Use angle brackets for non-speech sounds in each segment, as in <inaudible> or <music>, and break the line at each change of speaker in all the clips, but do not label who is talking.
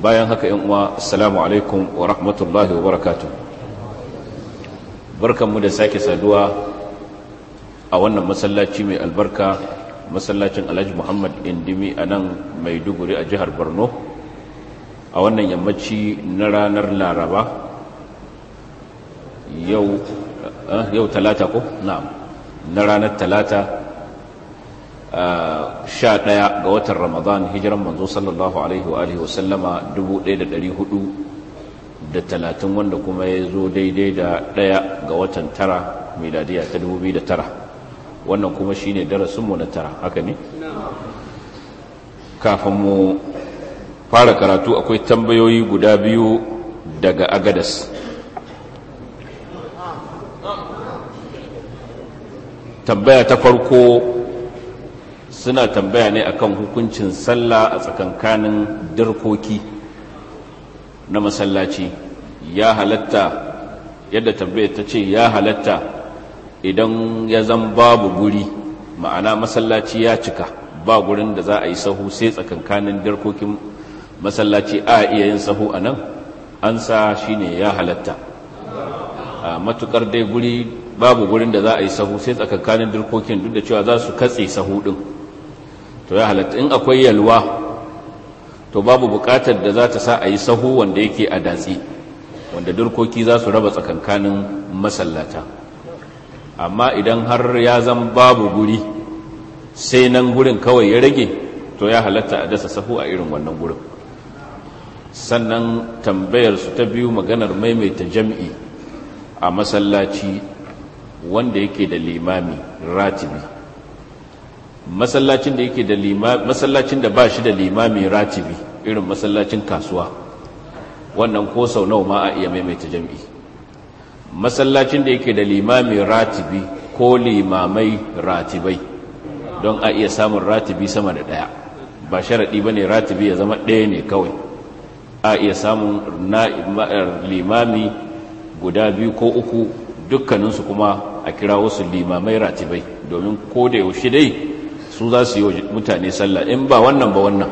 bayan haka yan uwa assalamu alaikum wa rahmatullahi wa barakatuh barkanmu da sake saduwa a wannan masallaci mai albarka masallacin Alhaji Muhammad Indimi a nan Maiduguri a jihar Borno a wannan yammaci na ranar Laraba yau eh, talata ko na ranar talata sha ga watan ramadan hijiran manzo sallallahu alaihi wa alihi wasallama 1430 wanda kuma ya zo daidai da ɗaya ga watan tara miladiya ta 2009 wannan kuma shi shine darasinmu na tara haka ne kafin mu fara karatu akwai tambayoyi guda biyu daga agadas tambaya ta farko suna tambaya ne akan hukuncin sallah a tsakankanin dirkoki na masallaci ya halatta yadda tambaya ta ce ya halatta idan ya zan babu guri ma'ana masallaci ya cika ba gurin da za a yi sahu sai tsakankanin dirkokin masallaci a iya yin sahu a nan an sa shi ne ya halatta a matukar dai guri babu gurin da za a yi sahu sai tsakankanin dirkokin duk da cewa za su katse sahu din to ya halatta in akwai yalwa to babu bukatar da za ta sa a yi sahu wanda yake a datsi wanda durkoki za su raba tsakankanin masallata amma idan har ya zan babu guri sai nan gurin kawai ya rage to ya halatta a dasa sahu a irin wannan gurin sannan tambayar su ta biyu maganar maimaita jam'i a masallaci wanda yake da limami ratibi masallacin da yake da masallacin da ba shi da limami ratibi irin masallacin kasuwa wannan ko sau nawa ma a iya maimaita jami'i? masallacin da yake da limami ratibi ko limamai ratibai don a iya samun ratibi sama da ɗaya ba sharaɗi ba ne ratibi ya zama ɗaya ne kawai a iya samun er, limami guda biyu ko uku dukkaninsu kuma a kira wasu limamai ratibai domin ko da yaushe dai su za su yi mutane sallah in ba wannan ba wannan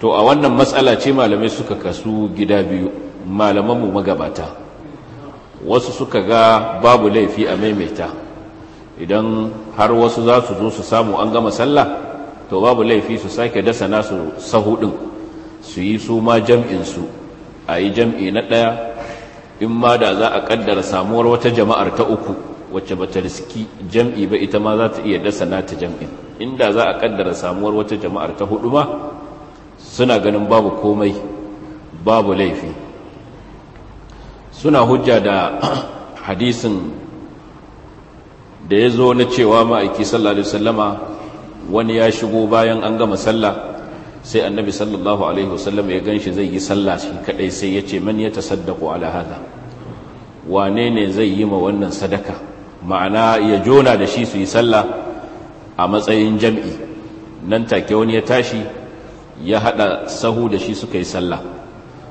to a wannan matsala ce malamai suka kasu gida biyu malamanmu magabata wasu suka ga babu laifi a maimaita idan har wasu za su zo su samu an gama sallah to babu laifi su sake dasa nasu din su yi su ma jam'insu a yi jam'i na ɗaya in ma da za a ƙaddara samuwar wata jama'ar ta uku wacce ba ta riski jam'i ba ita ma za ta iya dasa nata jam'in inda za a ƙaddara samuwar wata jama'ar ta hudu ma suna ganin babu komai babu laifi suna hujja da <clears throat> hadisin da ya zo na cewa ma'aiki sallallahu alaihi wani ya shigo bayan an gama sallah sai annabi sallallahu alaihi wasallam ya ganshi zai yi sallah shi kadai sai ya ce man ya tasaddaqu ala hada wane ne zai yi ma wannan sadaka ma'ana ya jona da shi su yi sallah a matsayin jam'i nan take wani ya tashi ya haɗa sahu da shi suka yi sallah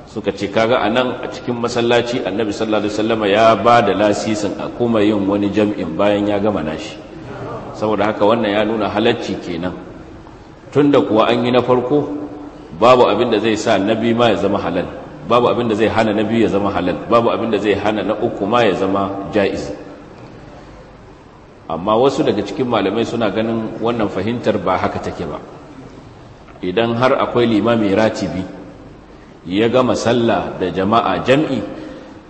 suka ce kaga a nan a cikin masallaci annabi sallallahu alaihi wasallama ya ba da lasisin a kuma yin wani jam'in bayan ya gama nashi saboda haka wannan ya nuna halacci kenan tun da kuwa an yi na farko babu abin da zai sa nabi ma ya zama halal babu abin da zai hana nabi ya zama halal babu abin da zai hana na uku ma ya zama ja'iz amma wasu daga cikin malamai suna ganin wannan fahimtar ba haka take ba idan har akwai limami ratibi ya gama sallah da jama'a jam'i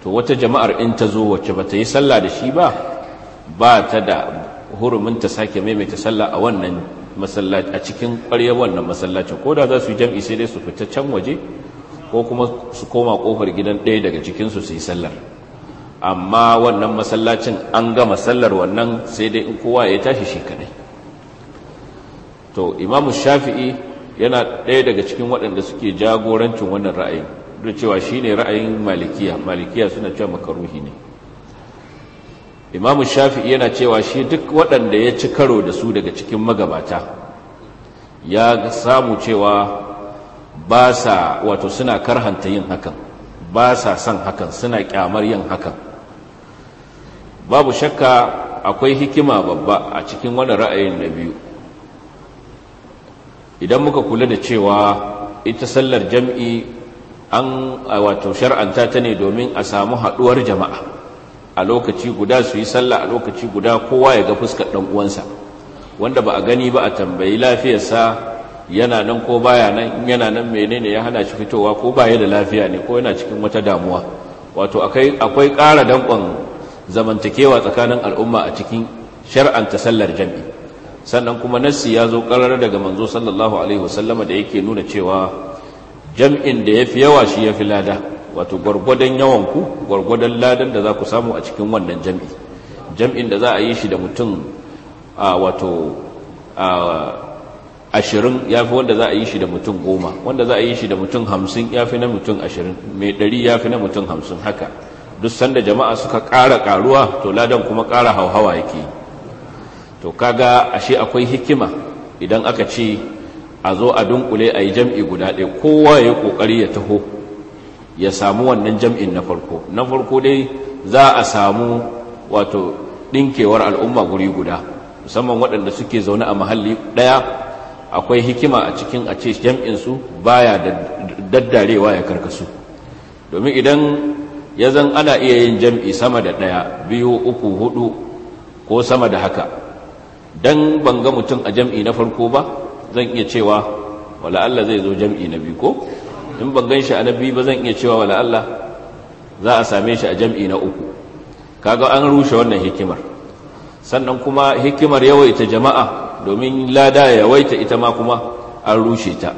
to wata jama'ar in ta zo wacce ba ta yi sallah da shi ba ba ta da hurumin ta sake maimaita sallah a wannan masallaci a cikin ƙwarya wannan masallacin ko da za su yi jam'i sai dai su fita can waje ko kuma su koma ƙofar gidan ɗaya daga cikinsu su yi sallar amma wannan masallacin an gama sallar wannan sai dai in kowa ya tashi shi kadai to imamu shafi'i yana ɗaya daga cikin waɗanda suke jagorancin wannan ra'ayin duk cewa shi ne ra'ayin malikiya malikiya suna cewa makaruhi ne imamu shafi'i yana cewa shi duk waɗanda ya ci karo da su daga cikin magabata ya samu cewa ba sa wato suna karhanta yin hakan ba sa son hakan suna kyamar yin hakan babu shakka akwai hikima babba a cikin wani ra'ayin na biyu idan muka kula da cewa ita sallar jam'i an wato shar'anta ta ne domin a samu haɗuwar jama'a a lokaci guda su yi sallah a lokaci guda kowa ya ga fuskar ɗan uwansa wanda ba a gani ba a tambayi lafiyarsa yana nan ko baya nan yana nan menene ya hana shi fitowa ko baya da lafiya ne ko yana cikin wata damuwa wato akwai akwai ƙara danƙon zamantakewa tsakanin al'umma a cikin ta sallar jam'i sannan kuma nassi ya zo karar daga manzo sallallahu alaihi wasallama da yake nuna cewa jam'in da ya fi yawa shi ya fi lada wato gwargwadon yawanku gwargwadon ladan da za ku samu a cikin wannan jam'i jam'in da za a yi shi da mutum a wato ashirin ya fi wanda za a yi shi da mutum goma wanda za a yi shi da mutum hamsin ya fi na mutum ashirin mai ɗari ya fi na mutum hamsin haka duk sanda jama'a suka ƙara ƙaruwa to ladan kuma ƙara hauhawa yake to kaga ashe akwai hikima idan aka ce a zo a dunkule a yi jam'i guda ɗaya kowa ya ƙoƙari ya taho ya samu wannan jam'in na farko na farko dai za a samu wato ɗinkewar al'umma guri guda musamman waɗanda suke zaune a mahalli ɗaya akwai hikima a cikin a ce jam'in su baya da daddarewa ya karkasu domin idan ya zan ana iya yin jam'i sama da ɗaya biyu uku hudu ko sama da haka don ban ga mutum a jam'i na farko ba zan iya cewa wala Allah zai zo jam'i na biyu ko in ban gan shi a na biyu ba zan iya cewa wala Allah za a same shi a jam'i na uku kaga an rushe wannan hikimar sannan kuma hikimar yawaita jama'a domin lada yawaita ita ma kuma an rushe ta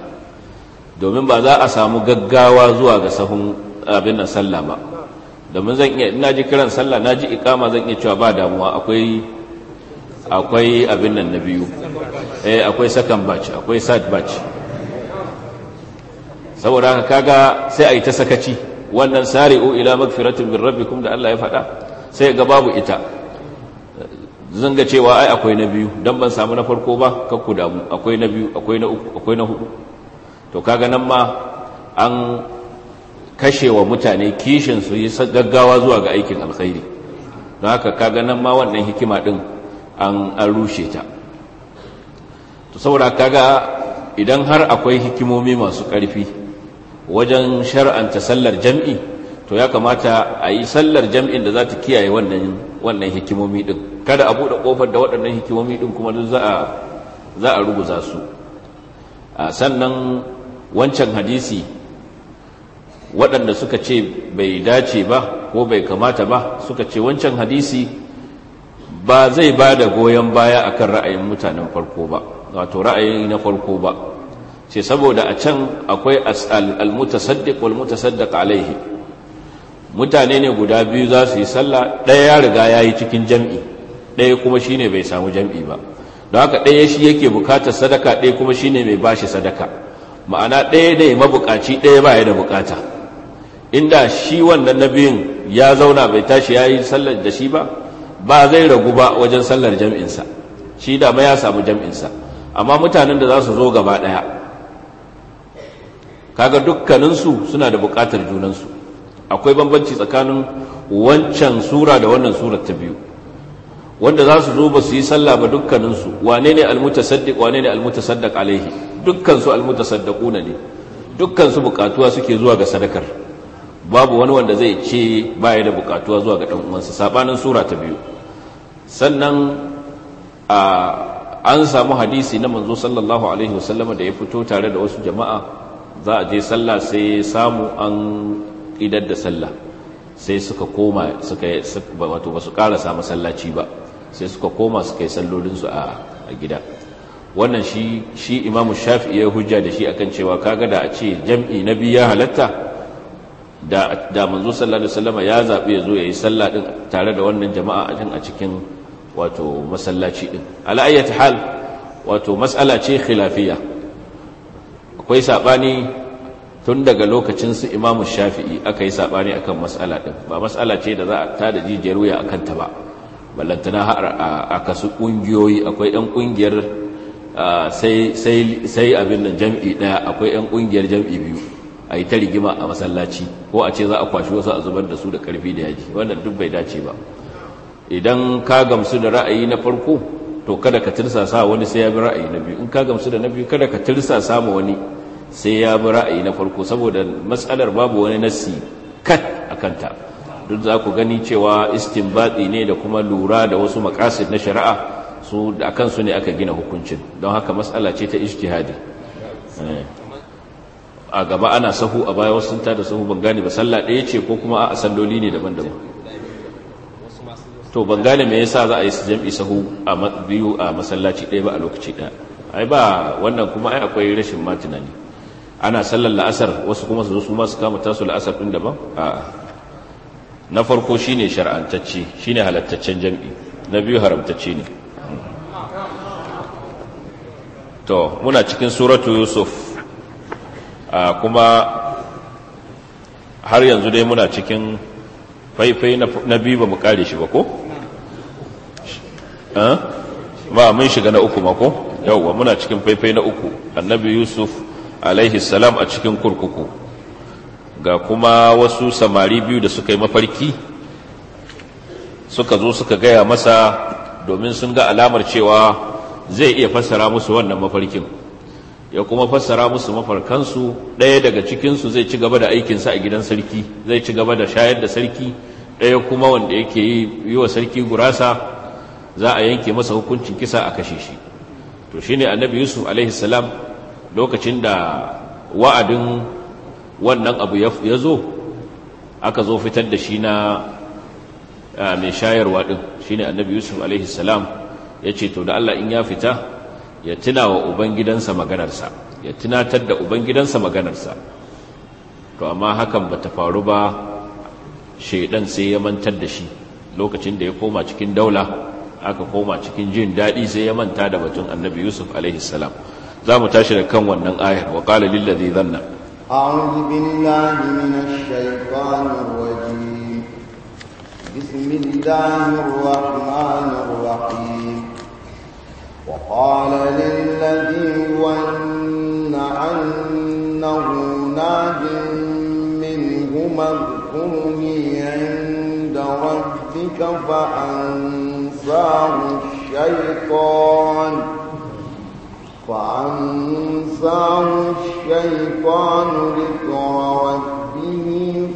domin ba za a samu gaggawa zuwa ga sahun abin nan sallah ba domin zan iya ina ji kiran sallah na ji ikama zan iya cewa ba damuwa akwai akwai abin nan na biyu eh akwai second batch akwai third batch saboda haka kaga sai a yi ta sakaci wannan sari'u ila magfiratin min rabbikum da Allah ya faɗa sai ga babu ita zan ga cewa ai akwai na biyu dan ban samu na farko ba kakku damu akwai na biyu akwai na uku akwai na hudu to kaga nan ma an kashe wa mutane kishin su yi gaggawa zuwa ga aikin alkhairi don haka kaga nan ma wannan hikima din an rushe ta to saboda kaga idan har akwai hikimomi masu ƙarfi wajen shar'anta sallar jam'i to ya kamata a yi sallar jam'in da za ta kiyaye wannan hikimomi din kada a buɗe ƙofar da waɗannan hikimomi din kuma za a ruguza su sannan wancan hadisi waɗanda suka ce bai dace ba ko bai kamata ba suka ce wancan hadisi ba zai ba da goyon baya akan ra'ayin mutanen farko ba wato ra'ayin na farko ba ce saboda a can akwai al-mutasaddiq alaihi mutane ne guda biyu za su yi sallah ɗaya ya riga ya yi cikin jam'i ɗaya kuma shi ne bai samu jam'i ba don haka ɗaya shi yake bukatar sadaka ɗaya kuma shi ne mai bashi sadaka ma'ana ɗaya ne mabukaci ɗaya ba ya da bukata inda shi wannan nabiyin ya zauna bai tashi ya yi sallar da shi ba ba zai ragu ba wajen sallar jam'insa shi da ma ya samu jam'insa amma mutanen da za su zo gaba ɗaya kaga dukkaninsu suna da buƙatar junansu akwai bambanci tsakanin wancan sura da wannan surar ta biyu wanda za su zo ba su yi sallah ba dukkaninsu wane ne almutasaddiq wane ne almutasaddaq alaihi su almutasaddaquna ne su buƙatuwa suke zuwa ga sadakar babu wani wanda zai ce baya da bukatuwa zuwa ga ɗan uwansa sabanin sura ta biyu sannan an samu hadisi na manzo sallallahu alaihi wasallama da ya fito tare da wasu jama'a za a je sallah sai samu an idar da sallah sai suka koma suka wato ba su karasa masallaci ba sai suka koma suka yi sallolinsu a gida wannan shi imamu shafi'i ya hujja da shi akan cewa kaga da a ce jam'i na biyu ya halatta da da manzo sallallahu alaihi wasallam ya zabi yazo yayi sallah din tare da wannan jama'a a cikin wato masallaci din ala ayyati hal wato mas'ala ce khilafiya akwai sabani tun daga lokacin su Imam Shafi'i aka yi sabani akan mas'ala din ba mas'ala ce da za a tada jijiyar wuya akan ta ba ballantana har a kasu kungiyoyi akwai ɗan kungiyar sai abin nan jam'i ɗaya akwai ɗan ƙungiyar jam'i biyu a yi ta rigima a masallaci ko a ce za a kwashi wasu a zubar da su da karfi da yaji wannan duk bai dace ba idan ka gamsu da ra'ayi na farko to kada ka tirsasa wani sai ya bi ra'ayi na biyu in ka gamsu da na biyu kada ka tirsasa ma wani sai ya bi ra'ayi na farko saboda matsalar babu wani nassi kat a kanta duk za ku gani cewa istinbati ne da kuma lura da wasu makasid na shari'a su da kansu ne aka gina hukuncin don haka matsala ce ta ijtihadi eh. a gaba ana sahu a baya wasu sun da sahu ban gane ba sallah ɗaya ce ko kuma a salloli ne daban-daban to ban gane yasa za a yi su jam'i sahu a biyu a masallaci ɗaya ba a lokaci ɗaya ai ba wannan kuma ai akwai rashin ma tunani ana sallar la'asar wasu kuma su zo su masu kama tasu la'asar ɗin daban a na farko shine shar'antacce shine halattaccen jam'i na biyu haramtacce ne to muna cikin suratu yusuf Ah, kuma har yanzu dai muna cikin faifai na biyu ba mu kare shi ba ko? Ah? ba mun shiga na uku ma ko? yauwa muna cikin faifai na uku annabi yusuf alaihi salam a cikin kurkuku ga kuma wasu samari biyu da suka yi mafarki suka zo suka gaya masa domin sun ga alamar cewa zai iya fassara musu wannan mafarkin ya kuma fassara musu mafarkansu ɗaya daga cikinsu zai ci gaba da aikinsa a gidan sarki zai ci gaba da shayar da sarki ɗaya kuma wanda yake yi wa sarki gurasa za a yanke masa hukuncin kisa a kashe shi to shi ne annabi yusuf alaihissalam lokacin da wa'adin wannan abu ya zo aka zo fitar da shi na mai shayarwa ɗin shi ne annabi yusuf alaihissalam ya ce to da allah in ya fita ya tuna wa ubangidansa maganarsa ya tunatar da ubangidansa maganarsa to amma hakan ba ta faru ba shaidan sai ya mantar da shi lokacin da ya koma cikin daula aka koma cikin jin daɗi sai ya manta da batun annabi yusuf a.s. za mu tashi da kan wannan ayar wa ƙala zai zanna
أعوذ بالله من الشيطان الرجيم بسم الله الرحمن الرحيم وقال للذي ظن عنه ناج منهما اذكرني عند ربك فأنساه الشيطان فأنساه الشيطان ذكر ربه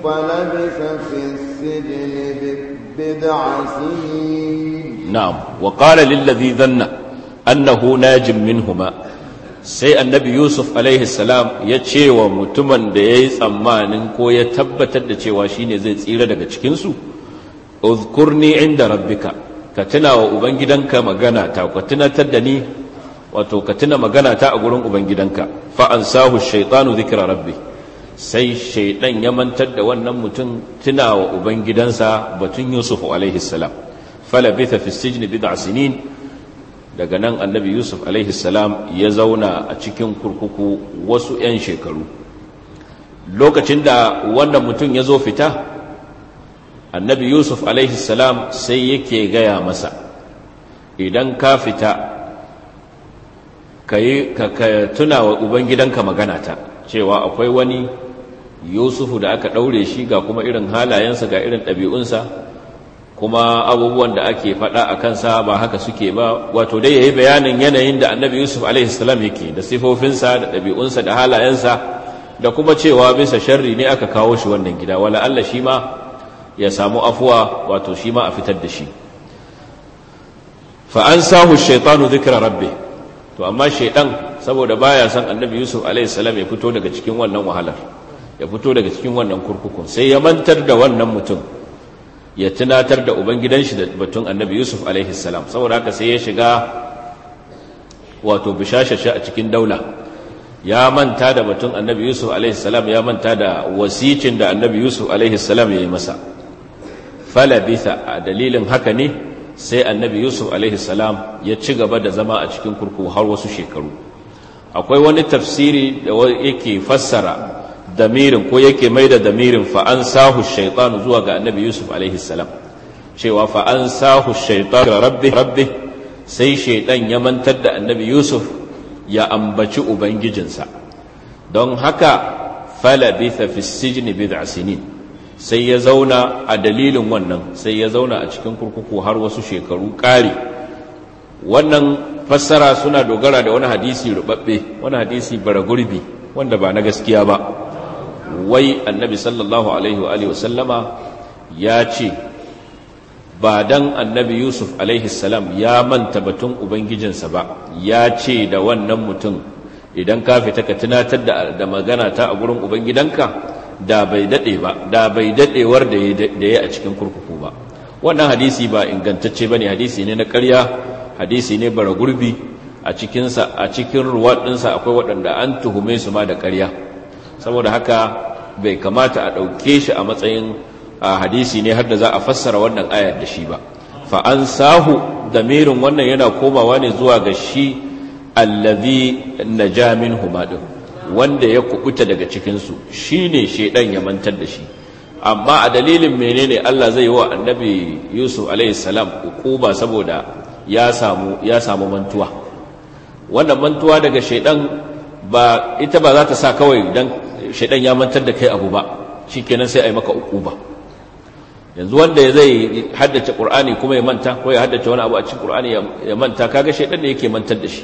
فلبث في السجن بضع سنين
نعم وقال للذي ذنّ annahu najim minhuma sai annabi yusuf alaihi salam ya ce wa mutumin da ya yi tsammanin ko ya tabbatar da cewa shine zai tsira daga cikinsu uzkurni inda rabbika ka tuna wa ubangidanka magana ta ka tunatar da ni wato ka tuna magana ta a gurin ubangidanka fa ansahu shaitanu zikira rabbi sai shaidan ya mantar da wannan mutum tuna wa ubangidansa batun yusuf alaihi salam falabitha fi sijni bid'a sinin daga nan annabi yusuf salam ya zauna a cikin kurkuku wasu 'yan shekaru lokacin da wannan mutum ya zo fita annabi yusuf salam sai yake gaya masa idan ka fita ka tuna wa ubangidanka magana ta cewa akwai wani yusufu da aka ɗaure shi ga kuma irin halayensa ga irin ɗabi'unsa kuma abubuwan da ake faɗa a kansa ba haka suke ba wato dai ya yi bayanin yanayin da annabi yusuf alaihissalam yake da sifofinsa da ɗabi'unsa da halayensa da kuma cewa bisa sharri ne aka kawo shi wannan gida wala Allah shi ma ya samu afuwa wato shi ma a fitar da shi fa an sahu shaitanu dhikra rabbi to amma shaitan saboda baya son annabi yusuf alaihissalam ya fito daga cikin wannan wahalar ya fito daga cikin wannan kurkukun sai ya mantar da wannan mutum ya tunatar da ubangidanshi da batun annabi yusuf alaihi salam saboda haka sai ya shiga wato bishashashi a cikin daula ya manta da batun annabi yusuf alaihi salam ya manta da wasicin da annabi yusuf alaihi salam ya yi masa falabitha a dalilin haka ne sai annabi yusuf alaihi salam ya ci gaba da zama a cikin kurkuku har wasu shekaru akwai wani tafsiri da yake fassara damirin ko yake mai da damirin fa'an sahu shaitanu zuwa ga annabi yusuf alaihi cewa fa'an sahu shaitanu rabbi rabbi sai shaitan ya mantar da annabi yusuf ya ambaci ubangijinsa don haka falabitha fi sijni da sinin sai ya zauna a dalilin wannan sai ya zauna a cikin kurkuku har wasu shekaru ƙari wannan fassara suna dogara da wani hadisi rubabbe wani hadisi bara gurbi wanda ba na gaskiya ba wai annabi sallallahu alaihi wa alihi wasallama ya ce ba dan annabi yusuf alaihi salam ya manta batun ubangijinsa ba ya ce da wannan mutum idan ka fita ka tunatar da magana ta a gurin ubangidanka da bai dade ba da bai dadewar da ya a cikin kurkuku ba wannan hadisi ba ingantacce ne hadisi ne na ƙarya hadisi ne bara gurbi a cikinsa a cikin ruwaɗinsa akwai waɗanda an tuhume su ma da ƙarya saboda haka bai kamata a ɗauke shi a matsayin hadisi ne har da za a fassara wannan ayar da shi ba fa an sahu merin wannan yana komawa ne zuwa ga shi allazi na jamin humadun. wanda ya kubuta daga cikinsu shi ne shaidan ya mantar da shi amma a dalilin menene Allah zai yi wa annabi yusuf alaihissalam hukuma saboda ya samu mantuwa wannan mantuwa daga shaidan ba ita ba za ta sa kawai dan shaidan ya mantar da kai abu ba kenan sai a yi maka ba. yanzu wanda zai haddace ƙur'ani kuma ya manta ko ya haddace wani abu a cikin ƙur'ani ya manta kaga shaidan ne yake mantar da shi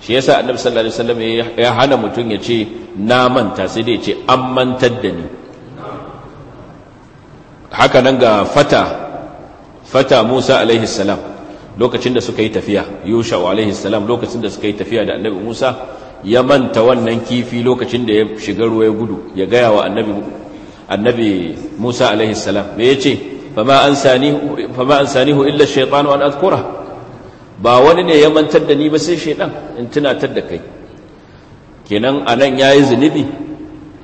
shi yasa annabi sallallahu alaihi wasallam ya hana mutum ya ce na manta sai dai ce an mantar da ni haka nan ga fata fata Musa alaihi salam lokacin da suka yi tafiya Yusha alaihi salam lokacin da suka yi tafiya da annabi Musa ya manta wannan kifi lokacin da ya shiga ruwa ya gudu ya gaya wa annabi annabi Musa alaihi salam me yace fama ansanihu fama ansanihu illa shaytanu an ba wani ne ya mantar da ni ba sai shaydan in tunatar da kai kenan anan yayi zunubi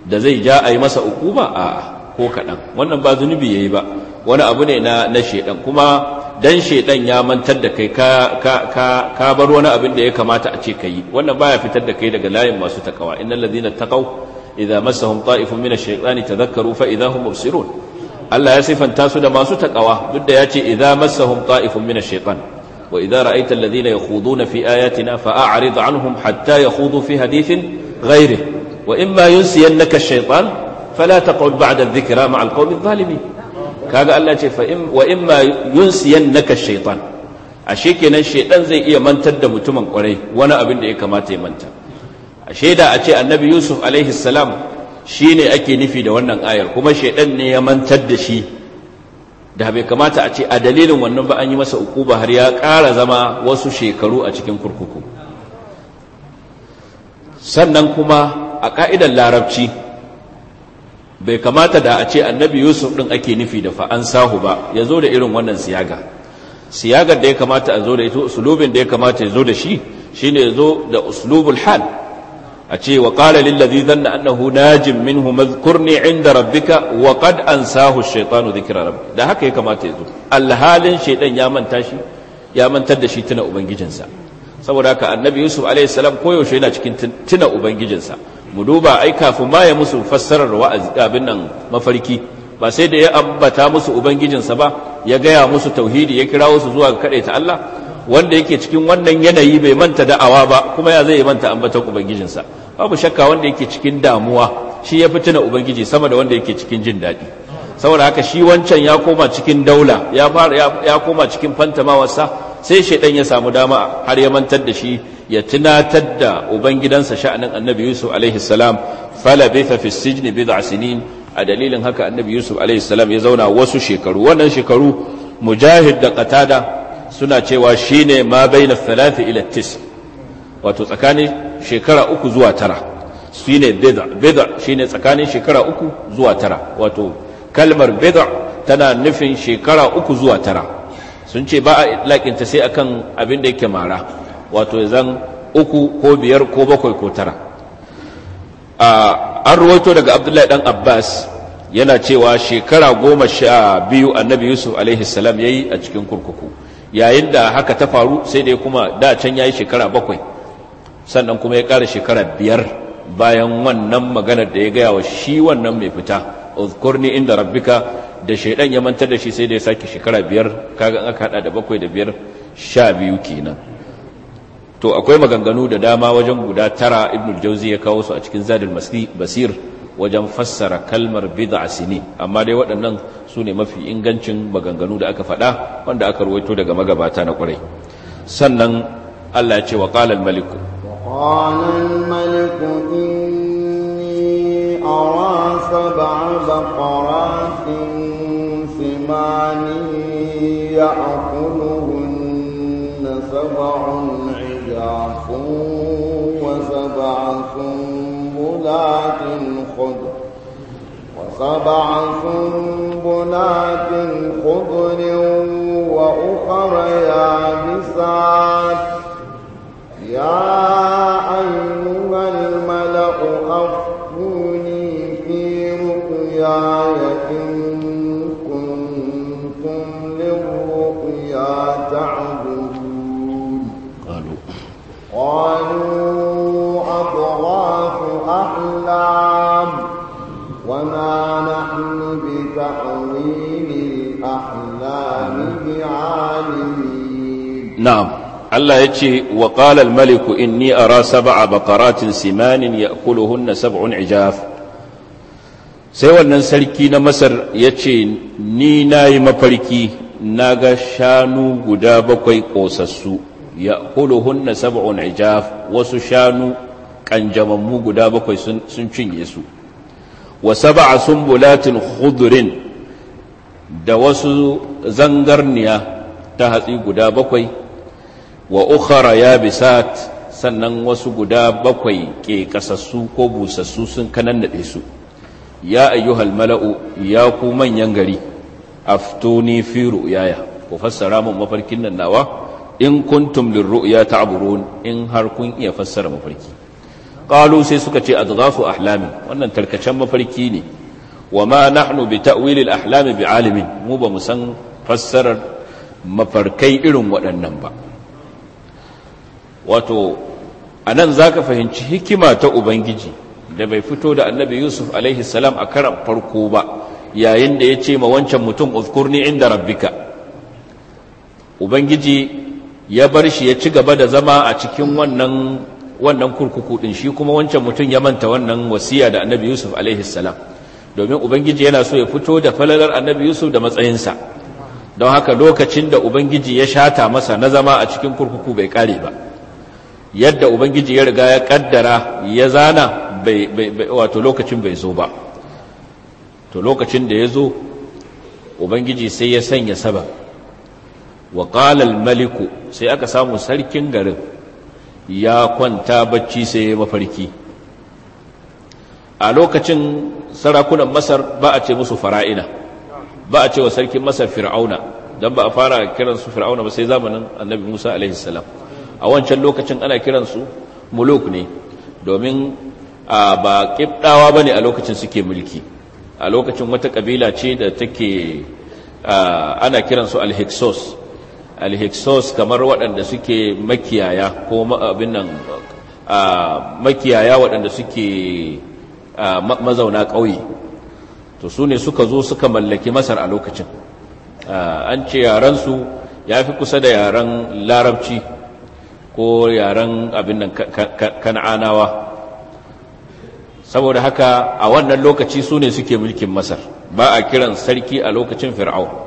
da zai ja yi masa ukuba a ko kadan wannan ba zunubi yayi ba wani abu ne na na shaydan kuma dan shedan ya mantar da kai ka ka ka bar wani abin da ya kamata a ce kai wannan baya fitar da kai daga layin masu takawa innal ladhina taqaw idza massahum ta'ifun min ash-shaytani tadhakkaru fa idza hum mubsirun Allah ya sifanta su da masu takawa duk da yace idza massahum ta'ifun min ash-shaytan wa idza ra'aita alladhina yakhuduna fi ayatina fa'rid anhum hatta yakhudu fi hadithin ghayrih wa imma yunsiyannaka ash-shaytan fala taq'ud ba'da adh-dhikra ma'a qawmi adh-dhalimin kaga Allah ce fa in wa in ma naka shaytan ashe kenan shaydan zai iya mantar da mutumin kwarai wani abin da ya kamata ya manta ashe da a ce annabi Yusuf alaihi salam shine ake nufi da wannan ayar kuma shaydan ne ya mantar da shi da bai kamata a ce a dalilin wannan ba an yi masa ukuba har ya ƙara zama wasu shekaru a cikin kurkuku sannan kuma a ƙa'idar larabci bai kamata da a ce annabi yusuf ɗin ake nufi da fa'an sahu ba ya zo da irin wannan siyaga siyagar da ya kamata a zo da ita uslubin da ya kamata ya zo da shi shine ya zo da uslubul hal a ce wa qala lil ladhi dhanna annahu najim minhu madhkurni inda rabbika wa qad an sahu shaytanu dhikra rabbi da haka ya kamata ya zo alhalin shaytan ya manta shi ya mantar da shi tuna ubangijinsa saboda haka annabi yusuf alaihi salam koyaushe yana cikin tuna ubangijinsa mu duba ai kafin ma ya musu fassarar wa'azi abin nan mafarki ba sai da ya ambata musu ubangijinsa ba ya gaya musu tauhidi ya kira su zuwa ga ta Allah wanda yake cikin wannan yanayi bai manta da'awa ba kuma ya zai manta ambatan ubangijinsa babu shakka wanda yake cikin damuwa shi ya fitina ubangiji sama da wanda yake cikin jin daɗi saboda haka shi wancan ya koma cikin daula ya fara ya koma cikin fantamawarsa sai shaidan ya samu dama har ya mantar da shi ya tunatar da ubangidansa sha'anin annabi yusuf alaihi salam fala bitha fi sijni bid'a sinin a dalilin haka annabi yusuf alaihi salam ya zauna wasu shekaru wannan shekaru mujahid da qatada suna cewa shine ma baina thalath ila tis wato tsakanin shekara uku zuwa tara shine bid'a bid'a shine tsakanin shekara uku zuwa tara wato kalmar bid'a tana nufin shekara uku zuwa tara sun ce ba a laƙinta sai akan abin da yake mara wato zan uku ko biyar ko bakwai ko tara an ruwaito daga abdullahi dan abbas yana cewa shekara goma sha biyu annabi yusuf alaihi salam ya yi a cikin kurkuku yayin da haka ta faru sai dai kuma da can ya yi shekara bakwai sannan kuma ya kara shekara biyar bayan wannan maganar da ya gaya wa shi wannan mai fita uzkurni inda rabbika da shaidan ya mantar da shi sai da ya sake shekara biyar kaga aka hada da bakwai da biyar sha biyu kenan to akwai maganganu da dama wajen guda tara ibn jauzi ya kawo su a cikin zadil basir wajen fassara kalmar bid'a sini amma dai waɗannan su ne mafi ingancin maganganu da aka faɗa wanda aka ruwaito daga magabata na ƙwarai sannan Allah ya ce wa qala al-malik
معني يعقلهن سبع عجاف وسبع سنبلات خضر وسبع سنبلات خضر وأخر يابسات يا أيها الملأ أفتوني في رؤياي الأحلام وما نحن بتأويل الأحلام بعالمين
نعم Allah ya ce wa ƙalal maliku inni ara saba'a bakaratin simanin ya sai wannan sarki na masar ya ce ni na yi mafarki na ga shanu guda bakwai ƙosassu ya na sab'un ijaf wasu shanu mu guda bakwai sun cinye su wa sab'a sumbulatin khudrin da wasu zangarniya ta hatsi guda bakwai wa bi yabisat sannan wasu guda bakwai ke kasassu ko busassu sun kanannade su ya ayyuhal mala'u ya ku manyan gari aftuni fi ru'yaya ku fassara mun mafarkin nan nawa in kuntum ta ta'burun in har kun iya fassara mafarki ƙalu sai suka ce adghafu ahlamin wannan tarkacen mafarki ne wa ma nahnu bi ta'wil al bi alimin mu ba mu san fassarar mafarkai irin waɗannan ba wato anan zaka fahimci hikima ta ubangiji da bai fito da annabi yusuf alaihi salam a karan farko ba yayin da ya ce ma wancan mutum uzkurni inda rabbika ubangiji ya bar shi ya ci gaba da zama a cikin wannan wannan kurkuku ɗin shi kuma wancan mutum ya manta wannan wasiya da annabi yusuf alaihi domin ubangiji yana so ya fito da falalar annabi yusuf da matsayinsa don haka lokacin da ubangiji ya shata masa na zama a cikin kurkuku bai kare ba yadda ubangiji ya riga ya kaddara ya zana wato lokacin bai zo ba to lokacin da ya zo ubangiji sai ya sanya saba wa maliku sai aka samu sarkin garin ya kwanta bacci sai ya mafarki a lokacin sarakunan masar ba a ce musu fara'ina ba a ce wa sarkin masar fir'auna don ba a fara kiransu fir'auna ba sai zamanin annabi musa alaihissalam a wancan lokacin ana kiransu muluk ne domin a ba ƙibɗawa ba ne a lokacin suke mulki a lokacin wata ƙabila ce da take ana kiransu alhiksos alhiksos kamar waɗanda suke makiyaya ko abin nan makiyaya waɗanda suke mazauna ƙauye to su ne suka zo suka mallaki masar a lokacin an ce yarensu ya fi kusa da yaren larabci ko yaren abin nan kan'anawa saboda haka a wannan lokaci su ne suke mulkin masar ba a kiran sarki a lokacin fir'aun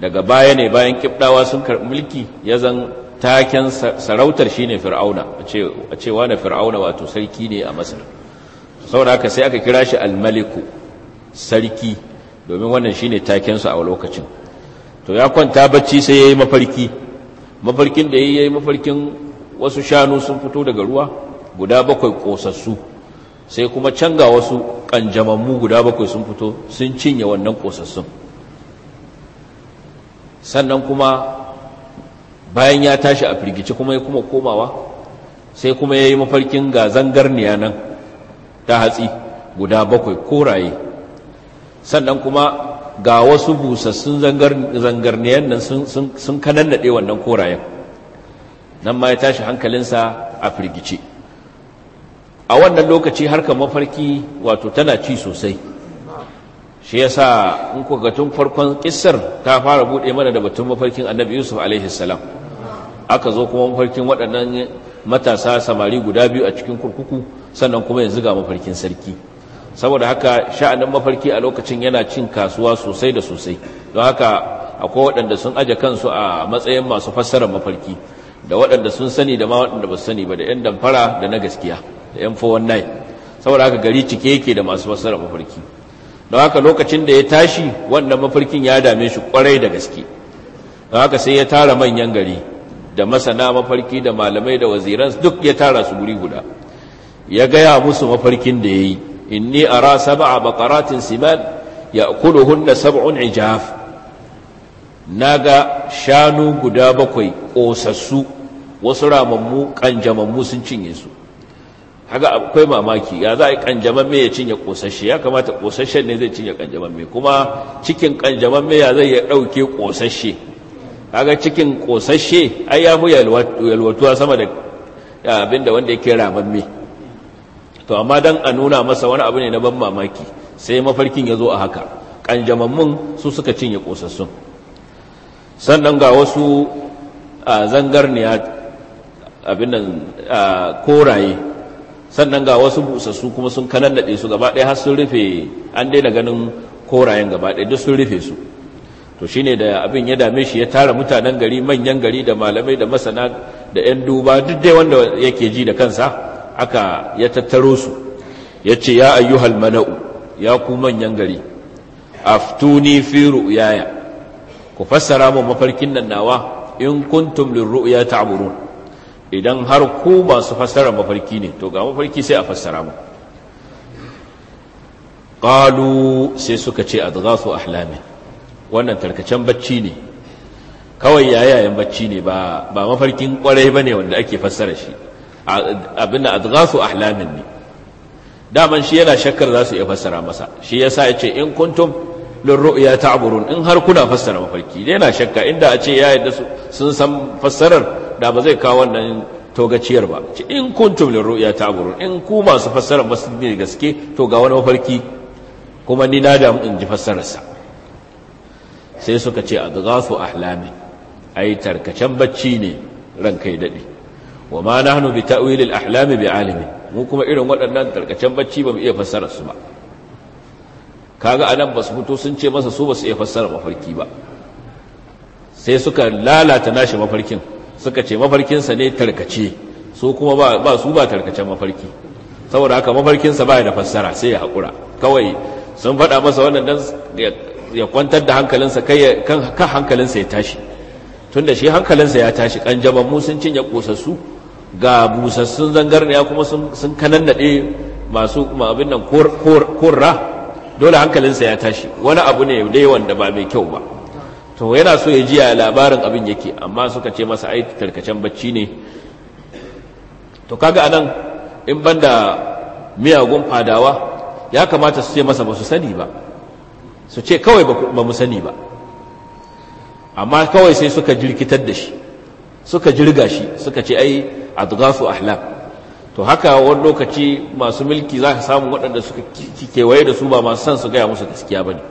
daga baya ne bayan kibdawa sun karɓi mulki ya zan taken sarautar shine fir'auna a cewa na fir'auna wato sarki ne a masar saboda haka sai aka kira shi almaliku sarki domin wannan shine su a lokacin to ya kwanta bacci sai yayi mafarki mafarkin da ya yayi mafarkin wasu shanu sun fito daga ruwa guda bakwai kosassu sai kuma canga wasu kanjamammu guda bakwai sun fito sun cinye wannan kosassun sannan kuma bayan ya tashi a firgici kuma ya kuma komawa sai kuma ya yi mafarkin ga zangarniya nan ta hatsi guda bakwai koraye sannan kuma ga wasu busassun zangarniyan nan sun kanannaɗe wannan korayen nan ma ya tashi hankalinsa a firgice a wannan lokaci harkar mafarki wato tana ci sosai shi yasa in ku ga tun farkon kissar ta fara bude mana da batun mafarkin annabi yusuf alaihi salam aka zo kuma mafarkin waɗannan matasa samari guda biyu a cikin kurkuku sannan kuma yanzu ga mafarkin sarki saboda haka sha'anin mafarki a lokacin yana cin kasuwa sosai da sosai don haka akwai waɗanda sun aje kansu a matsayin masu fassarar mafarki da waɗanda sun sani da ma waɗanda ba su sani ba da 'yan damfara da na gaskiya da 'yan 419 saboda haka gari cike yake da masu fassarar mafarki da haka lokacin da ya tashi wannan mafarkin ya dame shi kwarai da gaske da haka sai ya tara manyan gari da masana mafarki da malamai da waziran duk ya tara su guri guda ya gaya musu mafarkin da ya yi inni ara sab'a bakaratin siman hunda sab'un ijaf na ga shanu guda bakwai ƙosassu wasu ramammu kanjamammu sun cinye su haga akwai mamaki ya za a yi mai ya cinye kosashe ya kamata kosashen ne zai cinye mai kuma cikin mai ya zai ya ɗauke ƙosashe haga cikin kosashe ai ya fi yalwatuwa sama da abin da wanda yake mai to amma don a nuna masa wani abu ne na ban mamaki sai mafarkin ya zo a haka kanjamammun su suka cinye kosassun sannan ga wasu zangarniya abin nan koraye sannan ga wasu busassu kuma sun kanannade su gaba ɗaya har sun rufe an daina ganin korayen gaba ɗaya duk sun rufe su to shine da abin ya dame shi ya tara mutanen gari manyan gari da malamai da masana da 'yan duba duk dai wanda yake ji da kansa aka ya tattaro su ya ce ya ayyuhal mana'u ya ku manyan gari aftuni fi ru'yaya ku fassara mu mafarkin nan nawa in kuntum lirru'ya ta'murun idan har ku masu fassara mafarki ne to ga mafarki sai a fassara mu qalu sai suka ce adghasu ahlamin wannan tarkacen bacci ne kawai yayayen bacci ne ba ba mafarkin kwarai bane wanda ake fassara shi abinda adghasu ahlamin ne daman shi yana shakkar za su iya fassara masa shi yasa ya ce in kuntum ru'ya ta'burun in har kuna fassara mafarki yana shakka inda a ce ya yadda sun san fassarar da ba zai kawo wannan togaciyar ba in kuntum lil ru'ya ta'burun in ku masu fassara masu ne gaske to ga wani mafarki kuma ni na damu in ji fasararsa. sai suka ce adghasu ahlami ai tarkacen bacci ne ranka ya dade wa ma nahnu bi ta'wil al ahlami bi alimi mu kuma irin waɗannan tarkacen bacci ba mu iya fassara su ba kaga anan basu fito sun ce masa su basu iya fassara mafarki ba sai suka lalata nashi mafarkin suka ce mafarkinsa ne tarkace su kuma ba su ba tarkacen mafarki saboda haka mafarkinsa ba da fassara sai ya haƙura kawai sun faɗa masa wannan don ya kwantar da hankalinsa kan hankalinsa ya tashi tun da shi hankalinsa ya tashi kan mu sun cinye ƙosassu ga busassun zangarniya kuma sun kanannaɗe masu abin nan korra dole hankalinsa ya tashi wani abu ne dai wanda ba mai kyau ba to yana so ya jiya labarin abin yake amma suka ce masa ai tarkacen bacci ne to kaga anan in banda miyagun fadawa ya kamata su ce masa ba su sani ba su ce kawai ba mu sani ba amma kawai sai suka jirkitar da shi suka jirga shi suka ce ai adghafu ahlak to haka wani lokaci masu mulki za ka samu waɗanda suka kewaye da su ba masu san su gaya musu gaskiya ba ne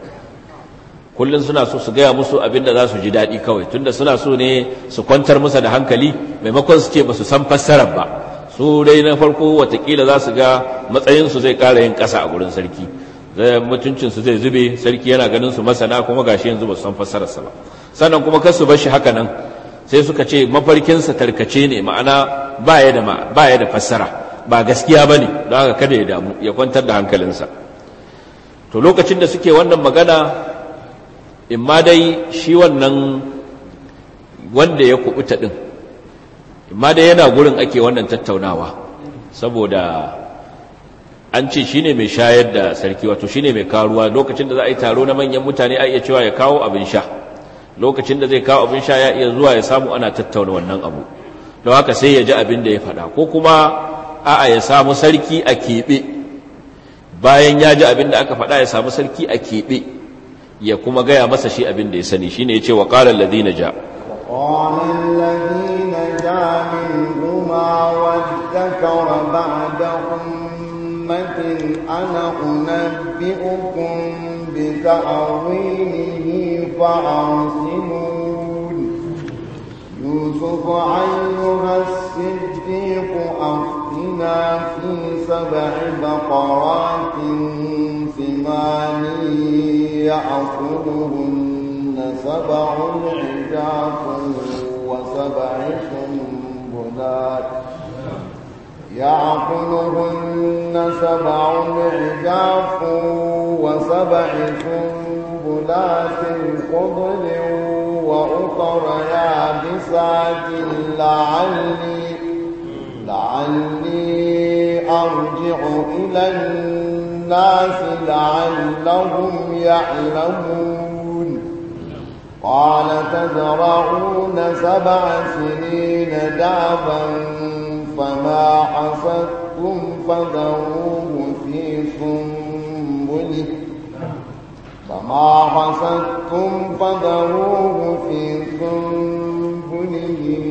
kullum suna so su gaya musu abin da za su ji daɗi kawai tunda suna so ne su kwantar musa da hankali maimakon su ce ba su san fassarar ba su dai na farko watakila za su ga matsayinsu zai ƙara yin ƙasa a gurin sarki su zai zube sarki yana ganin su masana kuma gashi yanzu ba su san sa ba sannan kuma kar su bar shi haka nan sai suka ce mafarkinsa tarkace ne ma'ana ba ya da fassara ba gaskiya ba ne don haka kada ya damu ya kwantar da hankalinsa to lokacin da suke wannan magana in ma dai shi wannan wanda ya kubuta din in ma dai yana gurin ake wannan tattaunawa saboda an ce shi ne mai shayar da sarki wato shi ne mai karuwa lokacin da za a yi taro na manyan mutane a iya cewa ya kawo abin sha lokacin da zai kawo abin sha ya iya zuwa ya samu ana tattauna wannan abu don haka sai ya ji abin da ya faɗa ko kuma a'a ya samu sarki a keɓe bayan ya ji abin da aka faɗa ya samu sarki a keɓe ya kuma gaya masa shi abin da ya sani shine yace wa qala alladhina ja qala alladhina
ja minhuma wa dhakara ba'da ummatin ana unabbi'ukum bi ta'wilihi fa'arsilun yusuf ayyuha as-siddiq aftina fi sab'i baqaratin simani يعقلهن سبع عجاف وسبع سنبلات يعقلهن سبع عجاف وسبع سنبلات خضر وأطر يابسات لعلي لعلي أرجع إلى الناس الناس لعلهم يعلمون قال تزرعون سبع سنين دابا فما حصدتم فذروه في سنبله فما حصدتم فذروه في سنبله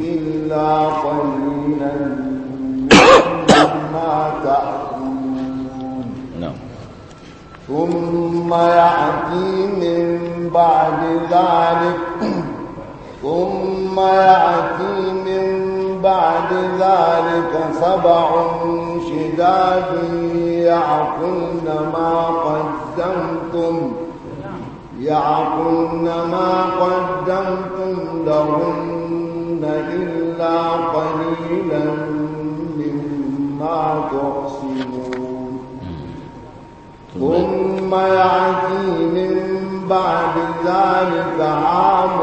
إلا قليلا مما تعلمون ثم يأتي من بعد ذلك ثم يأتي من بعد ذلك سبع شداد يعقلن ما قدمتم يعقلن ما قدمتم لهن إلا قليلا مما تحصون
ثم يعتي
من بعد ذلك عام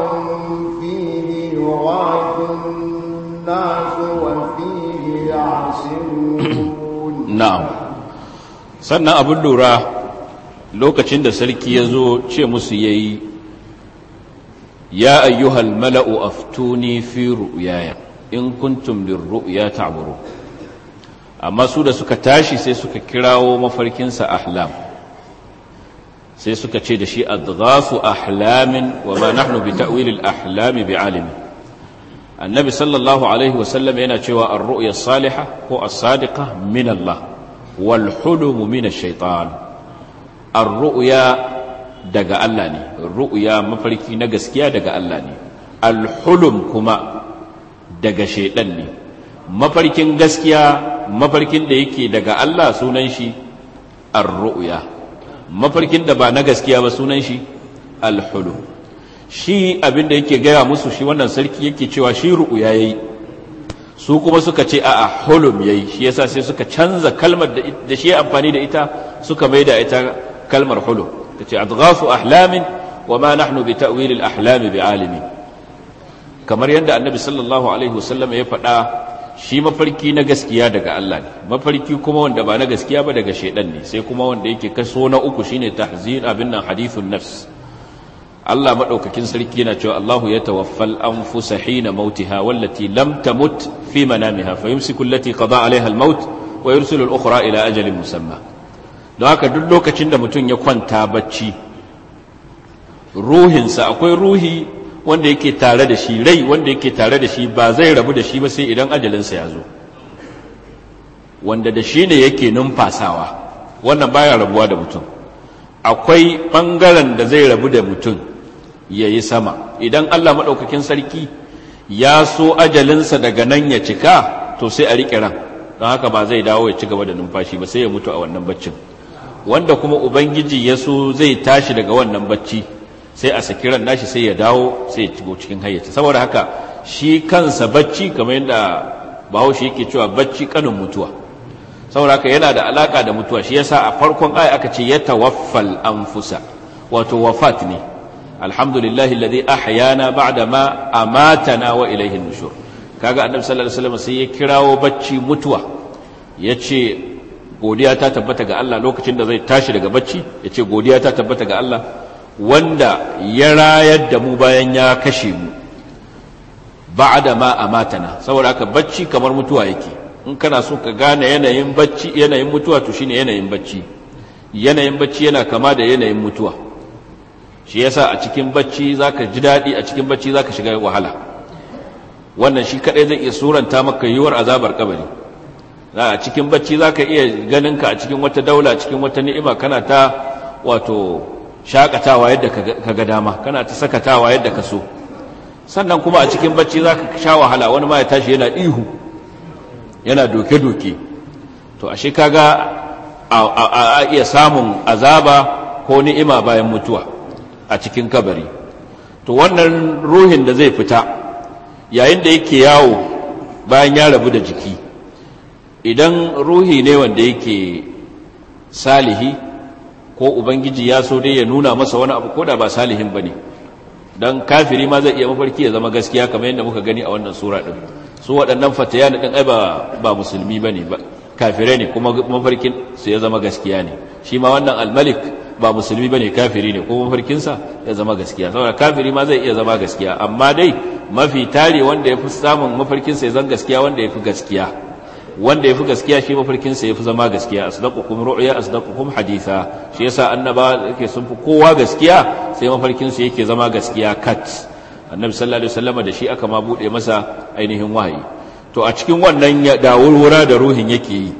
فيه يغاث الناس وفيه يعصرون نعم
sannan abin lura lokacin da sarki ya zo ce musu ya yi ya ayyuhal mala'u aftuni fi ru'yaya in kuntum lirru'ya ta'buru amma su da suka tashi sai suka kirawo mafarkinsa ahlam sai suka ce da shi adghafu ahlamin wa ma nahnu bi ta'wilil ahlami bi alimi annabi sallallahu alaihi wa sallam yana cewa ar-ru'ya salihah ko as sadiqa min Allah wal hulum min ash-shaytan ar-ru'ya daga Allah ne ru'ya mafarki na gaskiya daga Allah ne al-hulum kuma daga shaytan ne mafarkin gaskiya mafarkin da yake daga Allah sunan shi ar-ru'ya mafarkin da ba na gaskiya ba sunan shi al-hulu shi abinda yake gaya musu shi wannan sarki yake cewa shi ru'ya yayi su kuma suka ce a'a hulum yayi shi yasa sai suka canza kalmar da shi amfani da ita suka maida ita kalmar hulu tace adghafu ahlamin wama nahnu bi ta'wil al-ahlam bi alimi kamar yadda annabi sallallahu alaihi wasallam ya faɗa shi mafarki na gaskiya daga Allah ne mafarki kuma wanda ba na gaskiya ba daga shaiɗan ne sai kuma wanda yake kaso na uku shine tahzir abin nan hadithun nafs Allah madaukakin sarki yana cewa Allahu ya tawaffal anfusa hina mautiha wallati lam tamut fi manamiha fayumsiku allati qada alaiha almaut wa yursilu al ila ajalin musamma don haka duk lokacin da mutum ya kwanta bacci ruhinsa akwai ruhi wanda yake tare da shi rai wanda yake tare da shi ba zai rabu da shi ba sai idan ajalinsa ya zo wanda da shi ne yake numfasawa wannan baya rabuwa da mutum akwai ɓangaren da zai rabu da mutum ya yi sama idan allah maɗaukakin sarki ya so ajalinsa daga nan ya cika to sai a riƙe ran don haka ba zai dawo ya ci gaba da numfashi ba sai ya mutu a wannan baccin wanda kuma ubangiji ya so zai tashi daga wannan bacci sai a saki ran nashi sai ya dawo sai ya cigo cikin hayyaci saboda haka shi kansa bacci kamar yadda bahaushe yake cewa bacci kanin mutuwa saboda haka yana da alaka da mutuwa shi yasa a farkon aya aka ce ya tawaffal anfusa wato wafat ne alhamdulillahi alladhi ahyana ba'da ma amatana wa ilayhi an-nushur kaga annabi sallallahu alaihi wasallam sai ya kirawo bacci mutuwa yace godiya ta tabbata ga Allah lokacin da zai tashi daga bacci yace godiya ta tabbata ga Allah wanda ya rayar da mu bayan ya kashe mu da ma a matana saboda haka bacci kamar mutuwa yake in kana so ka gane yanayin bacci yanayin mutuwa to shine yanayin bacci yanayin bacci yana kama da yanayin mutuwa shi yasa a cikin bacci zaka ji daɗi a cikin bacci zaka shiga wahala wannan shi kaɗai zai iya suranta maka yiwuwar azabar kabari a cikin bacci zaka iya ganin ka a cikin wata daula cikin wata ni'ima kana ta wato shakatawa yadda ka ga dama kana ta sakatawa yadda ka so sannan kuma a cikin bacci za ka sha wahala wani ma ya tashi yana ihu yana doke-doke to ashe kaga a iya samun azaba ko ni'ima bayan mutuwa a cikin kabari to wannan ruhin da zai fita yayin da yake yawo bayan ya rabu da jiki idan ruhi ne wanda yake salihi ko ubangiji ya so dai ya nuna masa wani abu koda ba salihin bane dan kafiri ma zai iya mafarki ya zama gaskiya kamar yadda muka gani a wannan sura din su waɗannan fatayan din ai ba ba musulmi bane ba kafire ne kuma mafarkin su ya zama gaskiya ne shi ma wannan al-malik ba musulmi bane kafiri ne kuma mafarkin sa ya zama gaskiya saboda kafiri ma zai iya zama gaskiya amma dai mafi tare wanda yafi samun mafarkin sa ya zama gaskiya wanda yafi gaskiya wanda ya fi gaskiya shi mafarkin ya fi zama gaskiya asdaqukum ru'ya asdaqukum haditha shi yasa annaba yake sun fi kowa gaskiya sai mafarkin sa yake zama gaskiya kat annabi sallallahu alaihi wasallam da shi aka ma bude masa ainihin wahayi to a cikin wannan wurwura da ruhin yake yi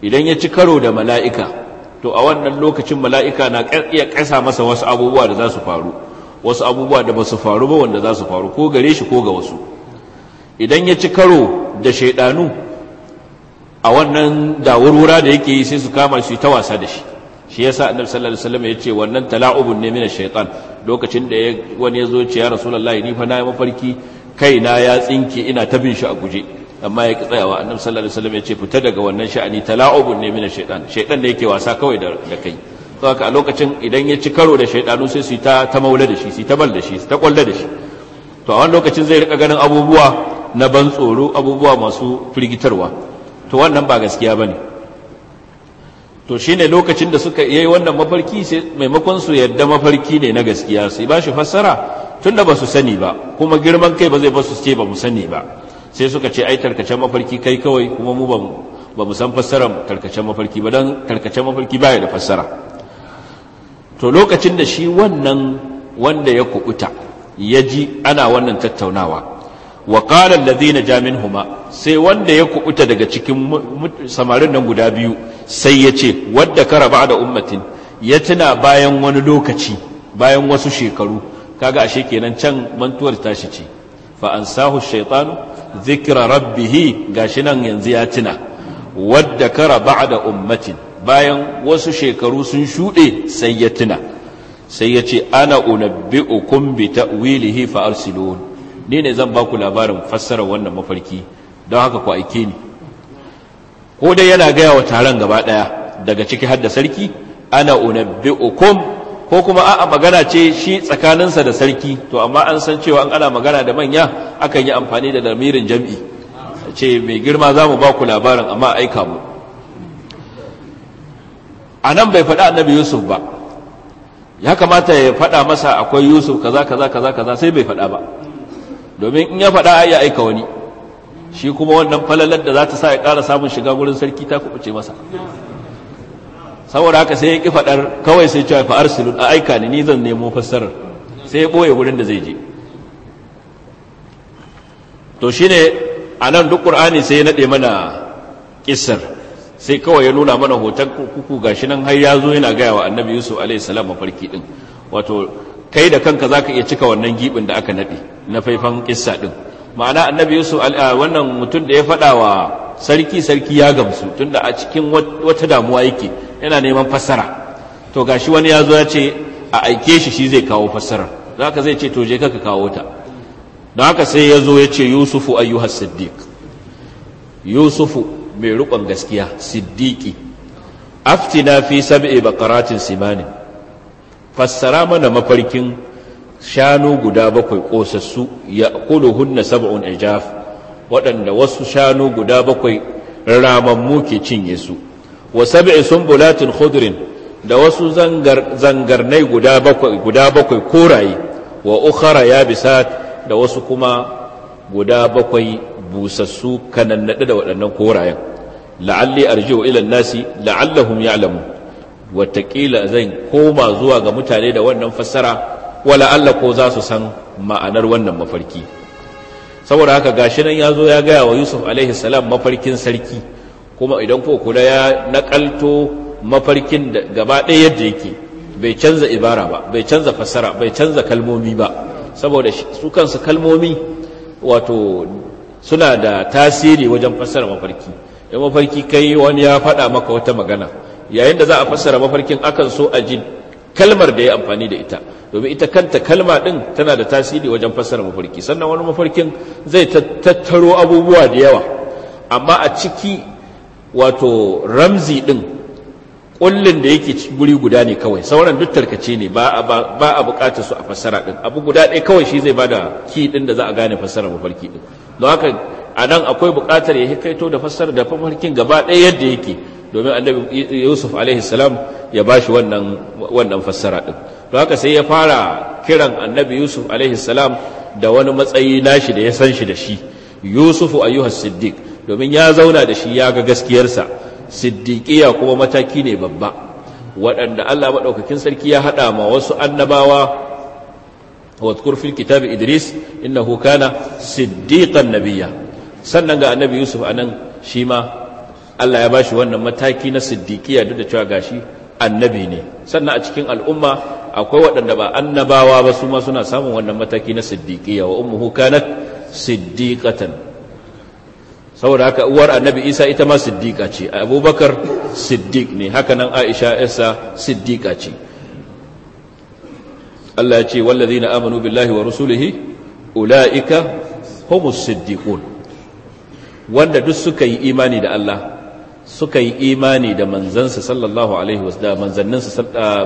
idan ya ci karo da mala'ika to a wannan lokacin mala'ika na iya kasa masa wasu abubuwa da za su faru wasu abubuwa da ba su faru ba wanda za su faru ko gare shi ko ga wasu idan ya ci karo da shaidanu a wannan da wurwura da yake yi sai su kama shi ta wasa da shi shi yasa annabi sallallahu alaihi wasallam ya wannan tala'ubun ne mina shaytan lokacin da wani ya zo ce ya rasulullahi ni fa na yi mafarki na ya tsinke ina ta bin shi a guje amma ya tsayawa annabi sallallahu alaihi wasallam ya fita daga wannan sha'ani tala'ubun ne mina shaytan shaytan ne yake wasa kawai da kai to haka a lokacin idan ya ci karo da shaytanu sai su ta ta maula da shi su ta bal da shi su ta kwalla da shi to a wannan lokacin zai rika ganin abubuwa na ban tsoro abubuwa masu firgitarwa to wannan ba gaskiya ba ne to shi ne lokacin da suka iya yi wannan mafarki sai maimakon su yadda mafarki ne na gaskiya sai ba shi fassara tun da ba su sani ba kuma girman kai ba zai ba su ce ba mu sani ba sai suka ce ai tarkacen mafarki kai kawai kuma mu ba mu san fassara tarkacen mafarki ba don tarkacen mafarki baya da fassara to lokacin da shi wannan wanda ya kubuta ya ji ana wannan tattaunawa wa qala alladhina ja huma sai wanda ya kubuta daga cikin samarin nan guda biyu sai ya ce wadda kara da ummatin ya tuna bayan wani lokaci bayan wasu shekaru kaga ashe kenan can mantuwar tashi ce fa ansahu shaytanu dhikra rabbih gashi nan yanzu ya tuna wadda kara da ummatin bayan wasu shekaru sun shuɗe sai ya tuna sai ya ce ana unabbi'ukum bi ta'wilihi fa arsilun ni ne zan ba ku labarin fassarar wannan mafarki don haka ku aike ni ko dai yana gaya wa taron gaba ɗaya daga ciki har da sarki ana unabbi'ukum ko kuma a'a magana ce shi tsakaninsa da sarki to amma an san cewa an ana magana da manya akan yi amfani da lamirin jam'i ce mai girma za mu ba ku labarin amma aika mu a nan bai faɗa annabi yusuf ba ya kamata ya faɗa masa akwai yusuf kaza kaza kaza kaza sai bai faɗa ba domin in ya faɗa ya aika wani shi kuma wannan falalar da za ta sa ya ƙara samun shiga gurin sarki ta kuɓuce masa saboda haka sai ya ƙi faɗar kawai sai cewa fa'ar silun a aika ni ni zan nemo fassarar sai ya ɓoye gurin da zai je to shi ne a nan duk ƙur'ani sai ya naɗe mana ƙisar sai kawai ya nuna mana hoton kuku ga shi nan har ya zo yana gaya wa annabi yusuf alaihi salam mafarki ɗin wato kai da kanka za ka iya cika wannan giɓin da aka naɗe na faifan kissa din ma'ana annabi yusuf ah, wannan mutum da ya faɗa wa sarki sarki ya gamsu tunda a cikin wata damuwa yake yana neman fassara to gashi wani ya zo ya ce a aike shi shi zai kawo fassarar za ka zai ce to je ka kawo ta don haka sai ya zo ya ce yusufu ayyuhas siddiq yusufu mai rukon gaskiya siddiqi aftina fi sab'i baqaratin simanin fassara mana mafarkin shanu guda bakwai kosassu ya hunna sab'un ijaf waɗanda wasu shanu guda bakwai ramammu ke cinye su wa sab'i sunbulatin khudrin da wasu zangar zangarnai guda bakwai guda bakwai koraye wa ukhra yabisat da wasu kuma guda bakwai busassu kanannade da waɗannan korayen la'alli arji'u ila nasi la'allahum wa wataƙila zan koma zuwa ga mutane da wannan fassara wala Allah ko za su san ma'anar wannan mafarki saboda haka gashi nan ya zo ya gaya wa yusuf alaihi salam mafarkin sarki kuma idan ko kula ya nakalto mafarkin da gaba ɗaya yadda yake bai canza ibara ba bai canza fassara bai canza kalmomi ba saboda su kansu kalmomi wato suna da tasiri wajen fasara mafarki ya mafarki kai wani ya faɗa maka wata magana yayin da za a fassara mafarkin akan so a ji kalmar da ya amfani da ita domin ita kanta kalma ɗin tana da tasiri wajen fassara mafarki sannan wani mafarkin zai tattaro abubuwa da yawa amma a ciki wato ramzi ɗin ƙullin da yake guri guda ne kawai sauran duk tarkace ne ba a buƙatar su a fassara ɗin abu guda ɗaya kawai shi zai bada ki ɗin da za a gane fassara mafarki ɗin don haka a nan akwai bukatar ya kaito da fassara da mafarkin gaba ɗaya yadda yake domin annabi yusuf alaihi ya ba shi wannan fassara ɗin don haka sai ya fara kiran annabi yusuf alaihi da wani matsayi nashi da ya san shi da shi yusufu ayyuhas siddiq domin ya zauna da shi ya ga gaskiyarsa siddiqiya kuma mataki ne babba waɗanda Allah maɗaukakin sarki ya haɗa ma wasu annabawa kitab Idris inna إدريس إنه كان sannan ga annabi yusuf anan shi ma. Allah ya bashi wannan mataki na siddiqiya duk da cewa gashi annabi ne sannan a cikin al'umma akwai waɗanda ba annabawa ba su ma suna samun wannan mataki na siddiqiya wa ummuhu kanat siddiqatan saboda haka uwar annabi Isa ita ma siddiqa ce Abubakar siddiq ne haka nan Aisha Isa siddiqa ce Allah ya ce wallazina amanu billahi wa rusulihi ulaika humus siddiqun wanda duk suka yi imani da Allah suka yi imani da manzansa sallallahu alaihi wasu manzanninsa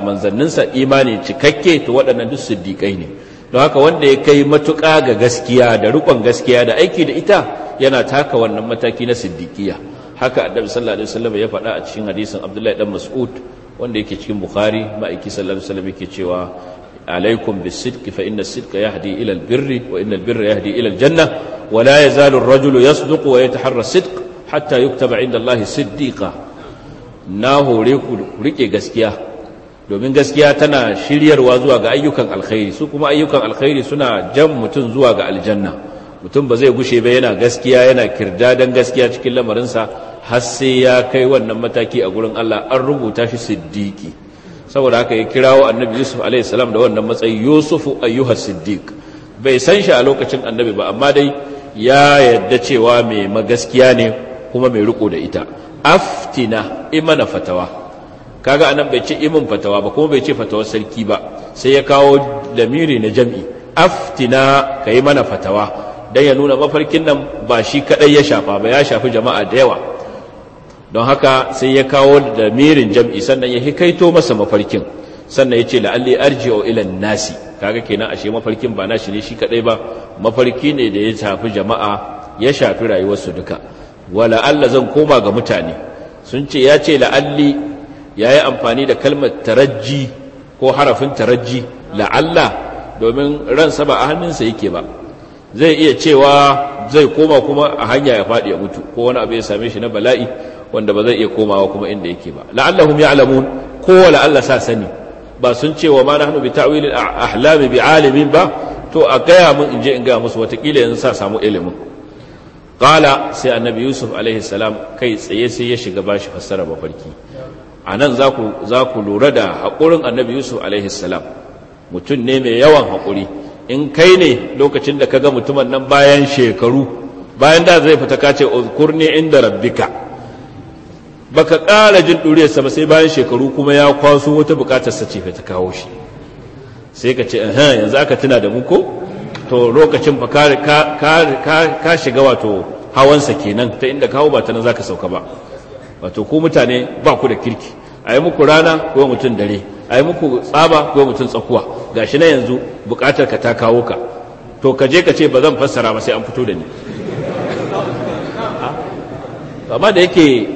manzanninsa imani cikakke to waɗannan duk siddiƙai ne don haka wanda ya kai matuƙa ga gaskiya da rukon gaskiya da aiki da ita yana taka wannan mataki na siddiƙiya. haka annabi sallallahu alaihi wasallam ya faɗa a cikin hadisin Abdullahi dan Mas'ud wanda yake cikin Bukhari ma'aiki sallallahu alaihi wasallam yake cewa alaikum bis sidki fa inna sidqa yahdi ila birri wa inna yahdi ila janna wa la yazalu ar-rajulu yasduqu wa yataharra sidq hatta yuktaba inda Allah siddiqa na hore ku rike gaskiya domin gaskiya tana shiryarwa zuwa ga ayyukan alkhairi su kuma ayyukan alkhairi suna jan mutum zuwa ga aljanna mutum ba zai gushe ba yana gaskiya yana dan gaskiya cikin lamarinsa har sai ya kai wannan mataki a gurin Allah an rubuta shi siddiqi saboda haka ya kirawo annabi yusuf alaihi salam da wannan matsayi yusufu ayyuha siddiq bai san shi a lokacin annabi ba amma dai ya yadda cewa mai magaskiya ne kuma mai riko da ita aftina imana fatawa kaga anan bai ce imin fatawa ba kuma bai ce fatawar sarki ba sai ya kawo lamiri na jam'i aftina kai mana fatawa dan ya nuna mafarkin nan ba shi kadai ya shafa ba ya shafi jama'a da yawa don haka sai ya kawo lamirin jam'i sannan ya hikaito masa mafarkin sannan ya ce la'alli arji'u ila nasi kaga kenan ashe mafarkin ba na shi ne shi kadai ba mafarki ne da ya shafi jama'a ya shafi rayuwarsu duka wala Allah zan koma ga mutane sun ce ya ce la'alli ya yi amfani da kalmar tarajji ko harafin tarajji la'alla domin ransa ba a hannunsa yake ba zai iya cewa zai koma kuma a hanya ya faɗi ya mutu ko wani abu ya same shi na bala'i wanda ba zai iya komawa kuma inda yake ba la'allahum ya'lamun ko la'alla sa sani ba sun ce wa ma nahnu bi ta'wil ahlami bi alimin ba to a gaya mun in je in gaya musu watakila yanzu sa samu ilimin qala sai annabi yusuf alaihi kai tsaye sai ya shiga ba shi fassara mafarki a nan za ku lura da haƙurin annabi yusuf alaihi mutum ne mai yawan haƙuri in kai ne lokacin da ka ga mutumin nan bayan shekaru bayan da zai fita kace ne inda rabbika baka ƙara jin ɗuriyarsa ba sai bayan shekaru kuma ya kwaso wata buƙatarsa ce ta kawo shi sai ka ce yanzu aka tuna da mu ko to lokacin fa ka shiga wato hawansa kenan ta inda kawo ba ta nan zaka sauka ba wato ku mutane ba ku da kirki a yi muku rana ko mutum dare a yi muku tsaba ko mutum tsakuwa gashi na yanzu bukatar ka ta kawo ka to ka je ka ce ba zan fassara ba sai an fito da ni amma da yake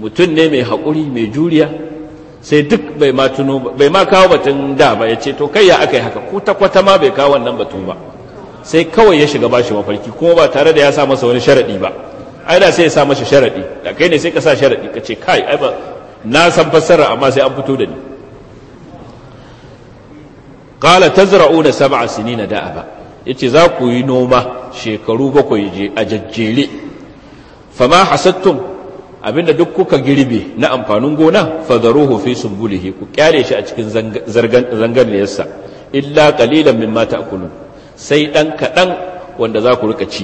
mutum ne mai hakuri mai juriya sai duk bai ma tuno bai ma kawo batun da ba ya ce to kai ya aka yi haka ko ta kwata ma bai kawo wannan batu ba sai kawai ya shiga bashi mafarki kuma ba tare da ya sa masa wani sharadi ba ai da sai ya sa masa sharadi da kai ne sai ka sa sharadi ka ce kai ai ba na san fassara amma sai an fito da ni qala tazra'una sab'a sinina da'aba yace za ku yi noma shekaru bakwai a jajjere fama hasattum abinda duk kuka girbe na amfanin gona fadaruhu fi sumbulihi ku kyare shi a cikin zangarniyarsa illa qalilan mimma ta'kulun sai dan kadan wanda za ku rika ci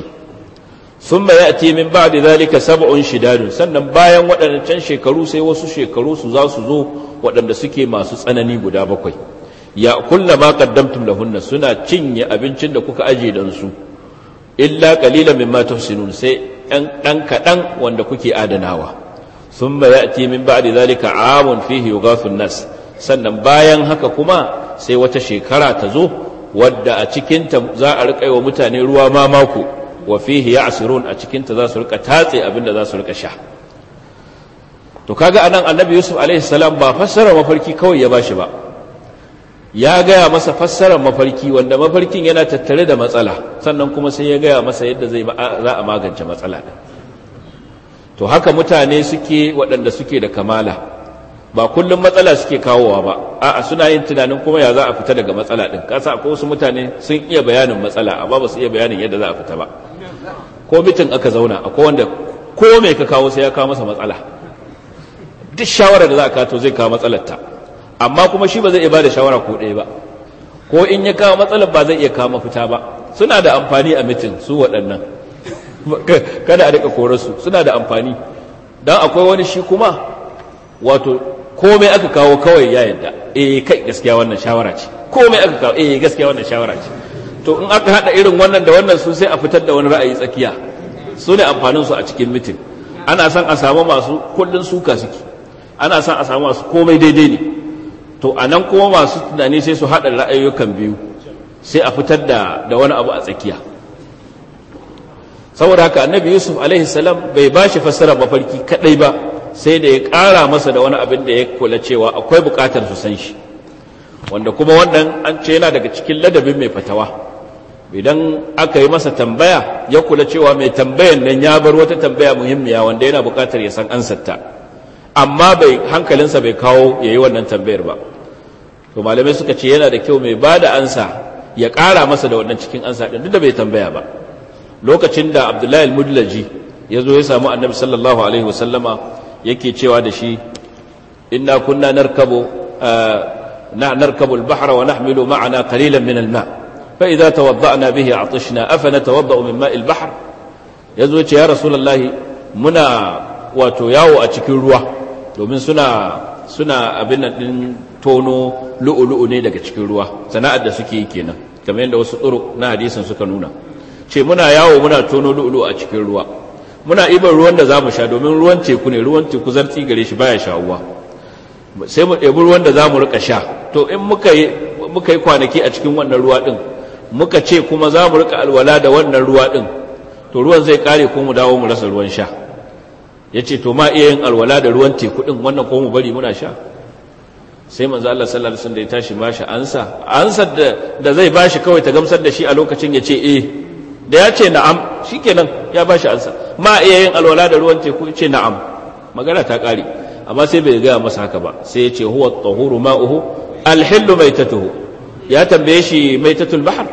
thumma ya'ti min ba'di dhalika sab'un shidadun sannan bayan waɗancan shekaru sai wasu shekaru su za su zo waɗanda suke masu tsanani guda bakwai ya kulla ma qaddamtum lahunna suna cinye abincin da kuka aje dan su illa qalilan mimma tuhsinun sai ɗan kaɗan wanda kuke adanawa sun ba ce min a zalika amun fihi yughathun nas sannan bayan haka kuma sai wata shekara ta zo wadda a cikinta za a riƙa wa mutane ruwa ma mako wa fihi asirun a cikinta za su riƙa tatse abinda za su rika sha to kaga anan annabi yusuf alaihi salam ba fassara mafarki kawai ya bashi ba ya gaya masa fassarar mafarki wanda mafarkin yana tattare da matsala sannan kuma sai ya gaya masa yadda zai za a magance matsala ɗin to haka mutane suke waɗanda suke da kamala ba kullum matsala suke kawowa ba a'a suna yin tunanin kuma ya za a fita daga matsala ɗin kasa ko wasu mutane sun iya bayanin matsala amma ba su iya bayanin yadda za a fita ba ko mitin aka zauna akwai wanda ko mai ka kawo sai ya kawo masa matsala duk shawarar da za a kato zai kawo matsalar ta amma kuma shi ba zai iya ba da shawara ko ɗaya ba ko in ya kawo matsalar ba zai iya kawo mafita ba suna da amfani a mitin su waɗannan <laughs> kada a daga korarsu suna da amfani don akwai wani shi kuma wato komai aka kawo kawai ya yadda eh kai gaskiya wannan shawara ce komai aka kawo eh gaskiya wannan shawara ce to in aka hada irin wannan da wannan su sai a fitar da wani ra'ayi tsakiya su ne amfaninsu a cikin mitin ana son a samu masu kullun suka suke ana son a samu masu komai daidai ne to a nan kuma masu tunani sai su haɗa ra'ayoyukan biyu sai a fitar da da wani abu a tsakiya saboda haka annabi yusuf alaihi bai ba shi fassara mafarki kaɗai ba sai da ya ƙara masa da wani abin da ya kula cewa akwai buƙatar su san shi wanda kuma wannan an ce yana daga cikin ladabin mai fatawa idan aka yi masa tambaya ya kula cewa mai tambayan nan ya bar wata tambaya muhimmiya wanda yana buƙatar ya san ansarta amma bai hankalinsa bai kawo ya yi wannan tambayar ba to malamai suka ce yana da kyau mai ba da ansa ya ƙara masa da wannan cikin ansa ɗin duk da bai tambaya ba lokacin da abdullahi al-mudlaji ya zo ya samu annabi sallallahu alaihi wasallama yake cewa da shi inna kunna narkabu na narkabu al-bahra wa nahmilu ma'ana qalilan min al-ma fa idza tawadda'na bihi atishna afa natawadda'u min ma'i al-bahr yazo zo ce ya rasulullahi muna wato yawo a cikin ruwa domin suna suna abin nan din tono lu'ulu'u ne daga cikin ruwa sana'ar da suke yi kenan kamar yadda wasu tsoro na hadisin suka nuna ce muna yawo muna tono lu'ulu'u a cikin ruwa muna iban ruwan da za mu sha domin ruwan teku ne ruwan teku zartsi gare shi baya uwa sai mu ɗebi ruwan da za mu riƙa sha to in muka yi kwanaki a cikin wannan ruwa ɗin muka ce kuma za mu riƙa alwala da wannan ruwa ɗin to ruwan zai kare ko mu dawo mu rasa ruwan sha ya ce to ma iya yin alwala da ruwan teku ɗin wannan ko mu bari muna sha sai manzo Allah sallallahu alaihi wasallam da ya tashi bashi ansa ansar da da zai bashi kawai ta gamsar da shi a lokacin ya ce eh da ya ce na'am shikenan ya bashi ansa ma iya yin alwala da ruwan teku ce na'am magana ta kare amma sai bai gaya masa haka ba sai ya ce huwa at-tahuru ma'uhu al-hillu maitatuhu ya tambaye shi maitatul bahr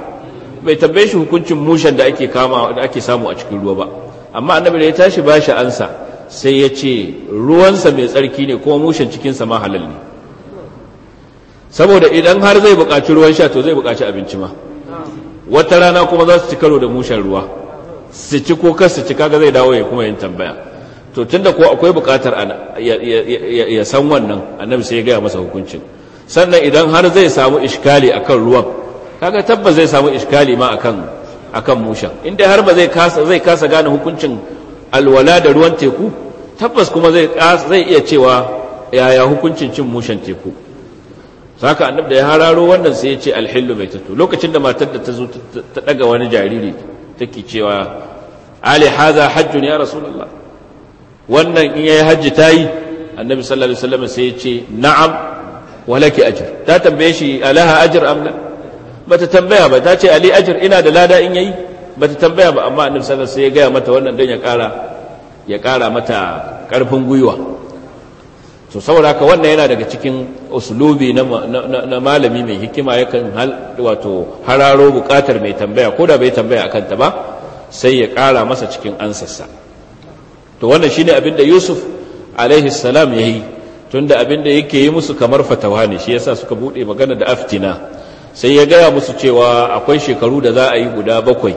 bai tambaye shi hukuncin mushen da ake kama da ake samu a cikin ruwa ba amma annabi da ya tashi bashi ansa sai ya ce ruwansa mai tsarki ne kuma mushen cikinsa ma halal ne saboda idan har zai buƙaci ruwan sha to zai buƙaci abinci ma wata rana kuma za su ci karo da mushen ruwa su ci ko kar su ci kaga zai dawo ya kuma yin tambaya to tunda ko akwai buƙatar ya san wannan annabi sai ya gaya masa hukuncin sannan idan har zai samu iskali akan ruwan kaga tabbas zai samu iskali ma akan akan mushen inda har ba zai kasa zai kasa gane hukuncin alwala da ruwan teku tabbas kuma zai zai iya cewa yaya hukuncin cin mushan teku haka annab da ya hararo wannan sai ya ce alhillu mai tattu lokacin da matar da ta zo ta daga wani jariri take cewa ali haza hajjun ya rasulullah wannan in yayi hajji ta yi annabi sallallahu alaihi wasallam sai ya ce na'am walaki ajr ta tambaye shi alaha ajr am la bata tambaya ba ta ce ali ajr ina da lada in yayi bata tambaya ba amma annabi sallallahu alaihi wasallam sai ya gaya mata wannan dan ya kara ya kara mata karfin gwiwa so saboda haka wannan yana daga cikin uslubi na malami mai hikima yakan wato hararo bukatar mai tambaya ko da bai tambaya akan ta ba sai ya kara masa cikin ansarsa to wannan shine abin da Yusuf alaihi salam yayi tunda abin da yake yi musu kamar fatawa ne shi yasa suka bude magana da aftina sai ya gaya musu cewa akwai shekaru da za a yi guda bakwai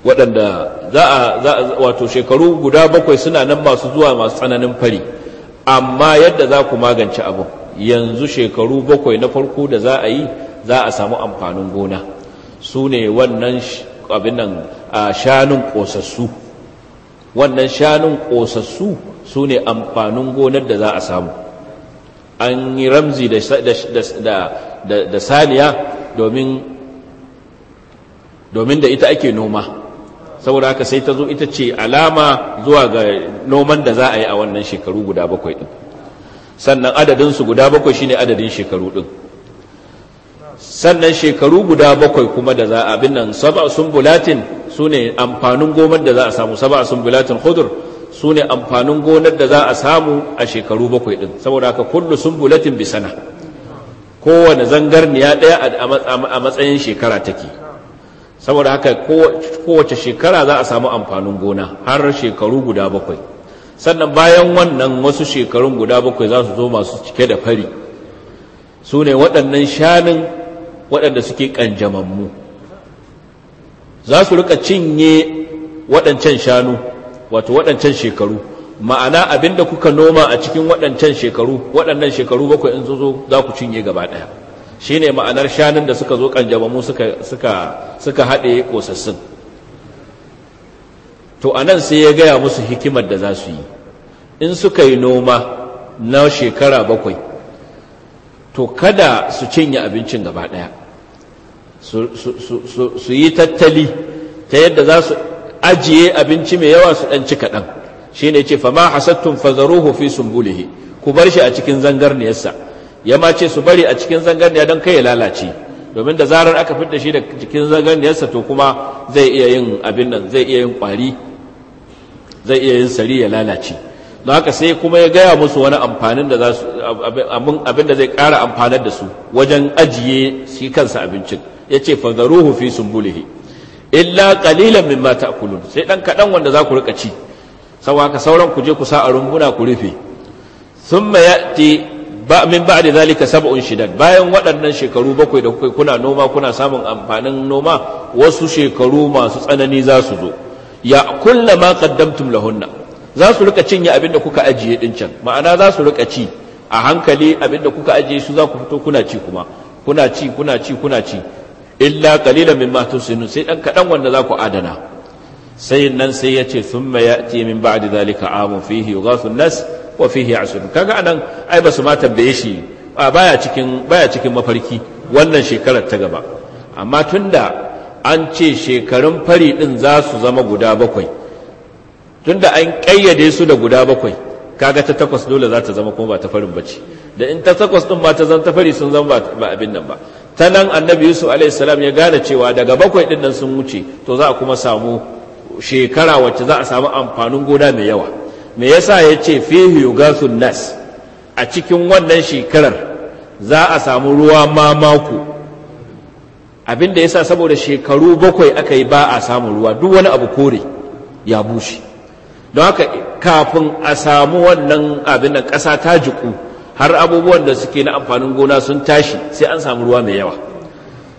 waɗanda za a wato shekaru guda bakwai suna nan masu zuwa masu tsananin fari amma yadda za ku magance abu yanzu shekaru bakwai na farko da za a yi za a samu amfanin gona su ne wannan abinan shanun ƙosassu wannan shanun ƙosassu su ne amfanin gonar da za a samu an yi ramzi da saniya domin da ita ake noma saboda haka sai ta zo ita ce alama zuwa ga noman da za a yi a wannan shekaru guda bakwai din sannan adadinsu guda bakwai shine adadin shekaru din sannan shekaru guda bakwai kuma da za a bin nan sab'a su ne amfanin gomar da za a samu sab'a hudur su ne amfanin gonar da za a samu a shekaru bakwai din saboda haka kullu sun bulatin bisana kowane zangarniya ɗaya a matsayin shekara take saboda haka kowace shekara za a samu amfanin gona har shekaru guda bakwai sannan bayan wannan wasu shekarun guda bakwai za su zo masu cike da fari su ne waɗannan shanin waɗanda suke ƙanjamammu za su rika cinye waɗancan shanu wato waɗancan shekaru ma'ana abinda kuka noma a cikin waɗancan shekaru waɗannan shekaru bakwai in zo za ku cinye gaba ɗaya Shi ne ma'anar shanun da suka zo kanjamamu suka suka haɗe ƙosassun. to a nan sai ya gaya musu hikimar da za su yi in suka yi noma na shekara bakwai to kada su cinye abincin gaba ɗaya su yi tattali ta yadda za su ajiye abinci mai yawa su ɗan ci kaɗan shi ne ce fama hasattun fazaruhu fi sumbulihi ku bar shi a cikin zangarniyarsa ya ma ce su bari a cikin zangarniya don kai ya lalace domin da zarar aka fitar shi da cikin zangarniyarsa to kuma zai iya yin abin nan zai iya yin kwari zai iya yin sari ya lalace don haka sai kuma ya gaya musu wani abin da zai kara amfanar da su wajen ajiye shi kansa abincin ya ce fadaruhu fi sumbulihi illa kalilan mimma ta'kulun sai dan kadan wanda za ku rika ci saboda haka sauran ku je ku sa a rumbuna ku rufe thumma ya'ti ba min da zalika sab'un shidan bayan waɗannan shekaru bakwai da kuka kuna noma kuna samun amfanin noma wasu shekaru masu tsanani za su zo ya kulla ma qaddamtum lahunna za su rika cinye abin da kuka ajiye din can ma'ana za su rika ci a hankali abin da kuka ajiye su za ku fito kuna ci kuma kuna ci kuna ci kuna ci illa qalilan mimma tusinu sai dan kadan wanda za ku adana sai nan sai yace thumma ya'ti min ba'di zalika amun fihi yughasu an-nas wa fihi asun kaga anan ai su ma tambaye shi baya cikin baya cikin mafarki wannan shekarar ta gaba amma tunda an ce shekarun fari din za su zama guda bakwai tunda an kayyade su da guda bakwai kaga ta takwas dole za ta zama kuma ba ta farin bace da in ta takwas din ba ta zama ta fari sun zama ba abin nan ba ta nan annabi yusuf salam ya gane cewa daga bakwai din nan sun wuce to za a kuma samu shekara wacce za a samu amfanin gona mai yawa me yasa ya ce fihi yugasun nas a cikin wannan shekarar za a samu ruwa mamaku abinda yasa saboda shekaru bakwai aka yi ba a samu ruwa duk wani abu kore ya bushe don haka kafin a samu wannan abin da ƙasa ta jiku har abubuwan da suke na amfanin gona sun tashi sai an samu ruwa mai yawa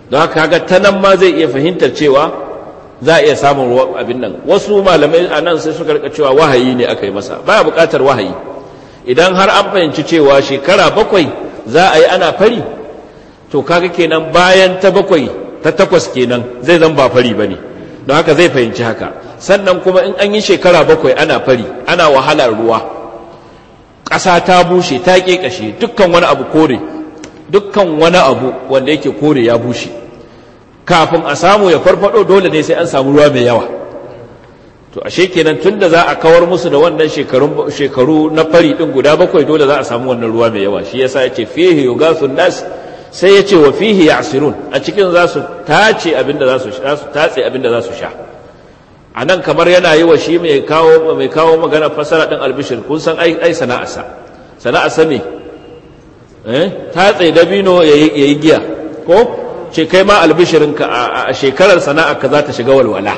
don haka ga ta nan ma zai iya fahimtar cewa za a iya samun abin nan wasu malamai a nan sai suka rika cewa wahayi ne aka yi masa Ba a buƙatar wahayi idan har an fahimci cewa shekara bakwai za a yi ana fari to kaga kenan bayan ta bakwai ta takwas kenan zai zan ba fari ba ne don haka zai fahimci haka sannan kuma in an yi shekara bakwai ana fari ana wahalar ruwa ƙasa ta bushe ta ƙeƙashe dukkan wani abu kore dukkan wani abu wanda yake kore ya bushe kafin a samu ya farfado dole ne sai an samu ruwa mai yawa to ashe kenan tunda za a kawar musu da wannan shekarun shekaru na fari din guda bakwai dole za a samu wannan ruwa mai yawa shi yasa yace fihi yugathun nas sai yace wa fihi ya'sirun a cikin za su tace abinda za su sha su tace abinda za su sha anan kamar yana yi wa shi mai kawo mai kawo magana fasara din albishir kun san ai ai sana'arsa sana'arsa ne eh tatse dabino yayi giya ko ce kai ma albishirinka a shekarar sana'a ka za ta shiga walwala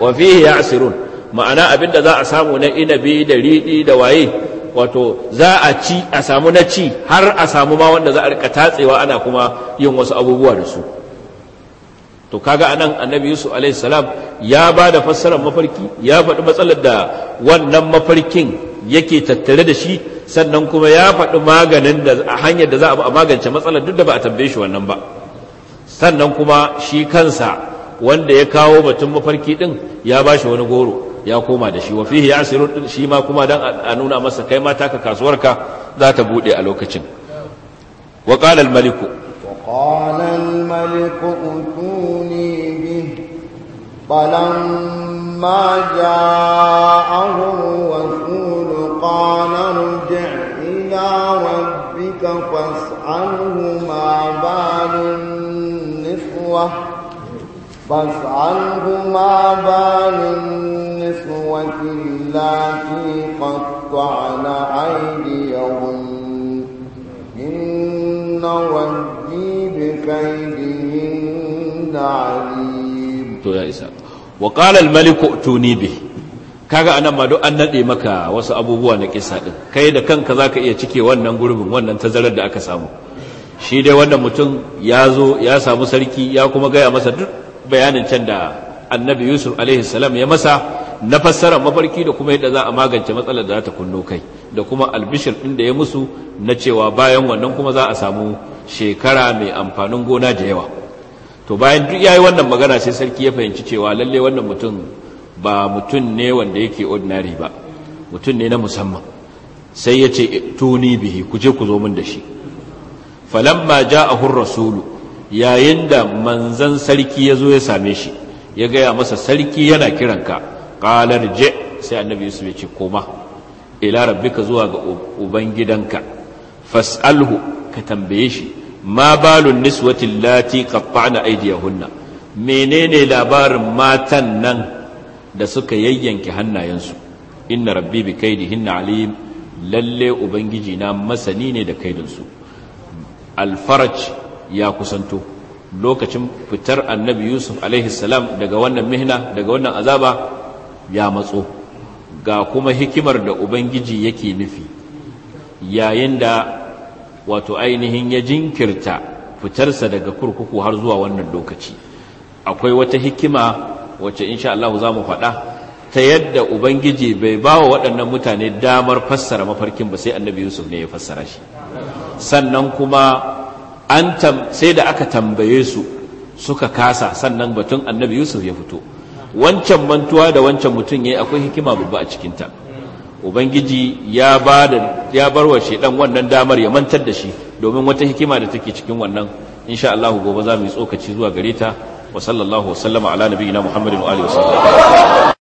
wa fihi asirun. ma'ana abinda za a samu na inabi da riɗi da waye wato za a ci a samu na ci har a samu ma wanda za a rika tatsewa ana kuma yin wasu abubuwa da su to kaga anan annabi yusuf alaihi salam ya ba da fassarar mafarki ya faɗi matsalar da wannan mafarkin yake tattare da shi sannan kuma ya faɗi maganin da hanyar da za a magance matsalar duk da ba a tambaye shi wannan ba sannan kuma shi kansa wanda ya kawo batun mafarki ɗin ya bashi wani goro ya koma da shi wa fihi yasirun din shi ma kuma dan a nuna masa kai ma taka kasuwarka za ta bude a lokacin wa qala al malik wa
qala al malik utuni bi ja'ahu qala ila rabbika fas'alhu ma balun النسوة بس عنهما بال النسوة التي قطعن أيديهن إن ربي بكيدهن عليم
يا وقال الملك ائتوني به kaga anan ma duk an nade maka wasu abubuwa na kisa din kai da kanka zaka iya cike wannan gurbin wannan tazarar da aka samu shi dai wannan mutum ya zo ya samu sarki ya kuma gaya masa duk bayanin can da annabi yusuf a.s. ya masa na fassara mafarki da kuma yadda za a magance matsalar da za ta kunno kai da kuma albishir ɗin da ya musu na cewa bayan wannan kuma za a samu shekara mai amfanin gona da yawa to bayan duk yayi wannan magana sai sarki ya fahimci cewa lalle wannan mutum ba mutum ne wanda yake ordinary ba mutum ne na musamman sai ya ce tuni bihi ku je ku zo min da shi falamma ja'ahu rasulu yayin da manzan sarki ya zo ya same shi ya gaya masa sarki yana kiranka ƙalar je sai annabi yusuf ya ce koma ila rabbika zuwa ga ubangidanka fas'alhu ka tambaye shi ma balun niswati lati qatta'na aydiyahunna menene labarin matan nan da suka yayyanke hannayensu inna rabbi bi kaidihinna alim lalle ubangiji na masani ne da kaidinsu alfaraj ya kusanto lokacin fitar annabi yusuf alaihissalam daga wannan mihna daga wannan azaba ya matso ga kuma hikimar da ubangiji yake nufi yayin da wato ainihin ya jinkirta fitarsa daga kurkuku har zuwa wannan lokaci akwai wata hikima wacce insha Allah za mu faɗa ta yadda ubangiji bai ba wa waɗannan mutane damar fassara mafarkin ba sai annabi yusuf ne ya fassara shi sannan kuma an sai da aka tambaye su suka kasa sannan batun annabi yusuf ya fito wancan mantuwa da wancan mutum ya akwai hikima babba a cikinta ubangiji ya bar wa dan wannan damar ya mantar da shi domin wata hikima da take cikin wannan insha Allah gobe za mu yi tsokaci zuwa gare ta wa sallallahu wasallama ala nabiyina muhammadin wa alihi wasallam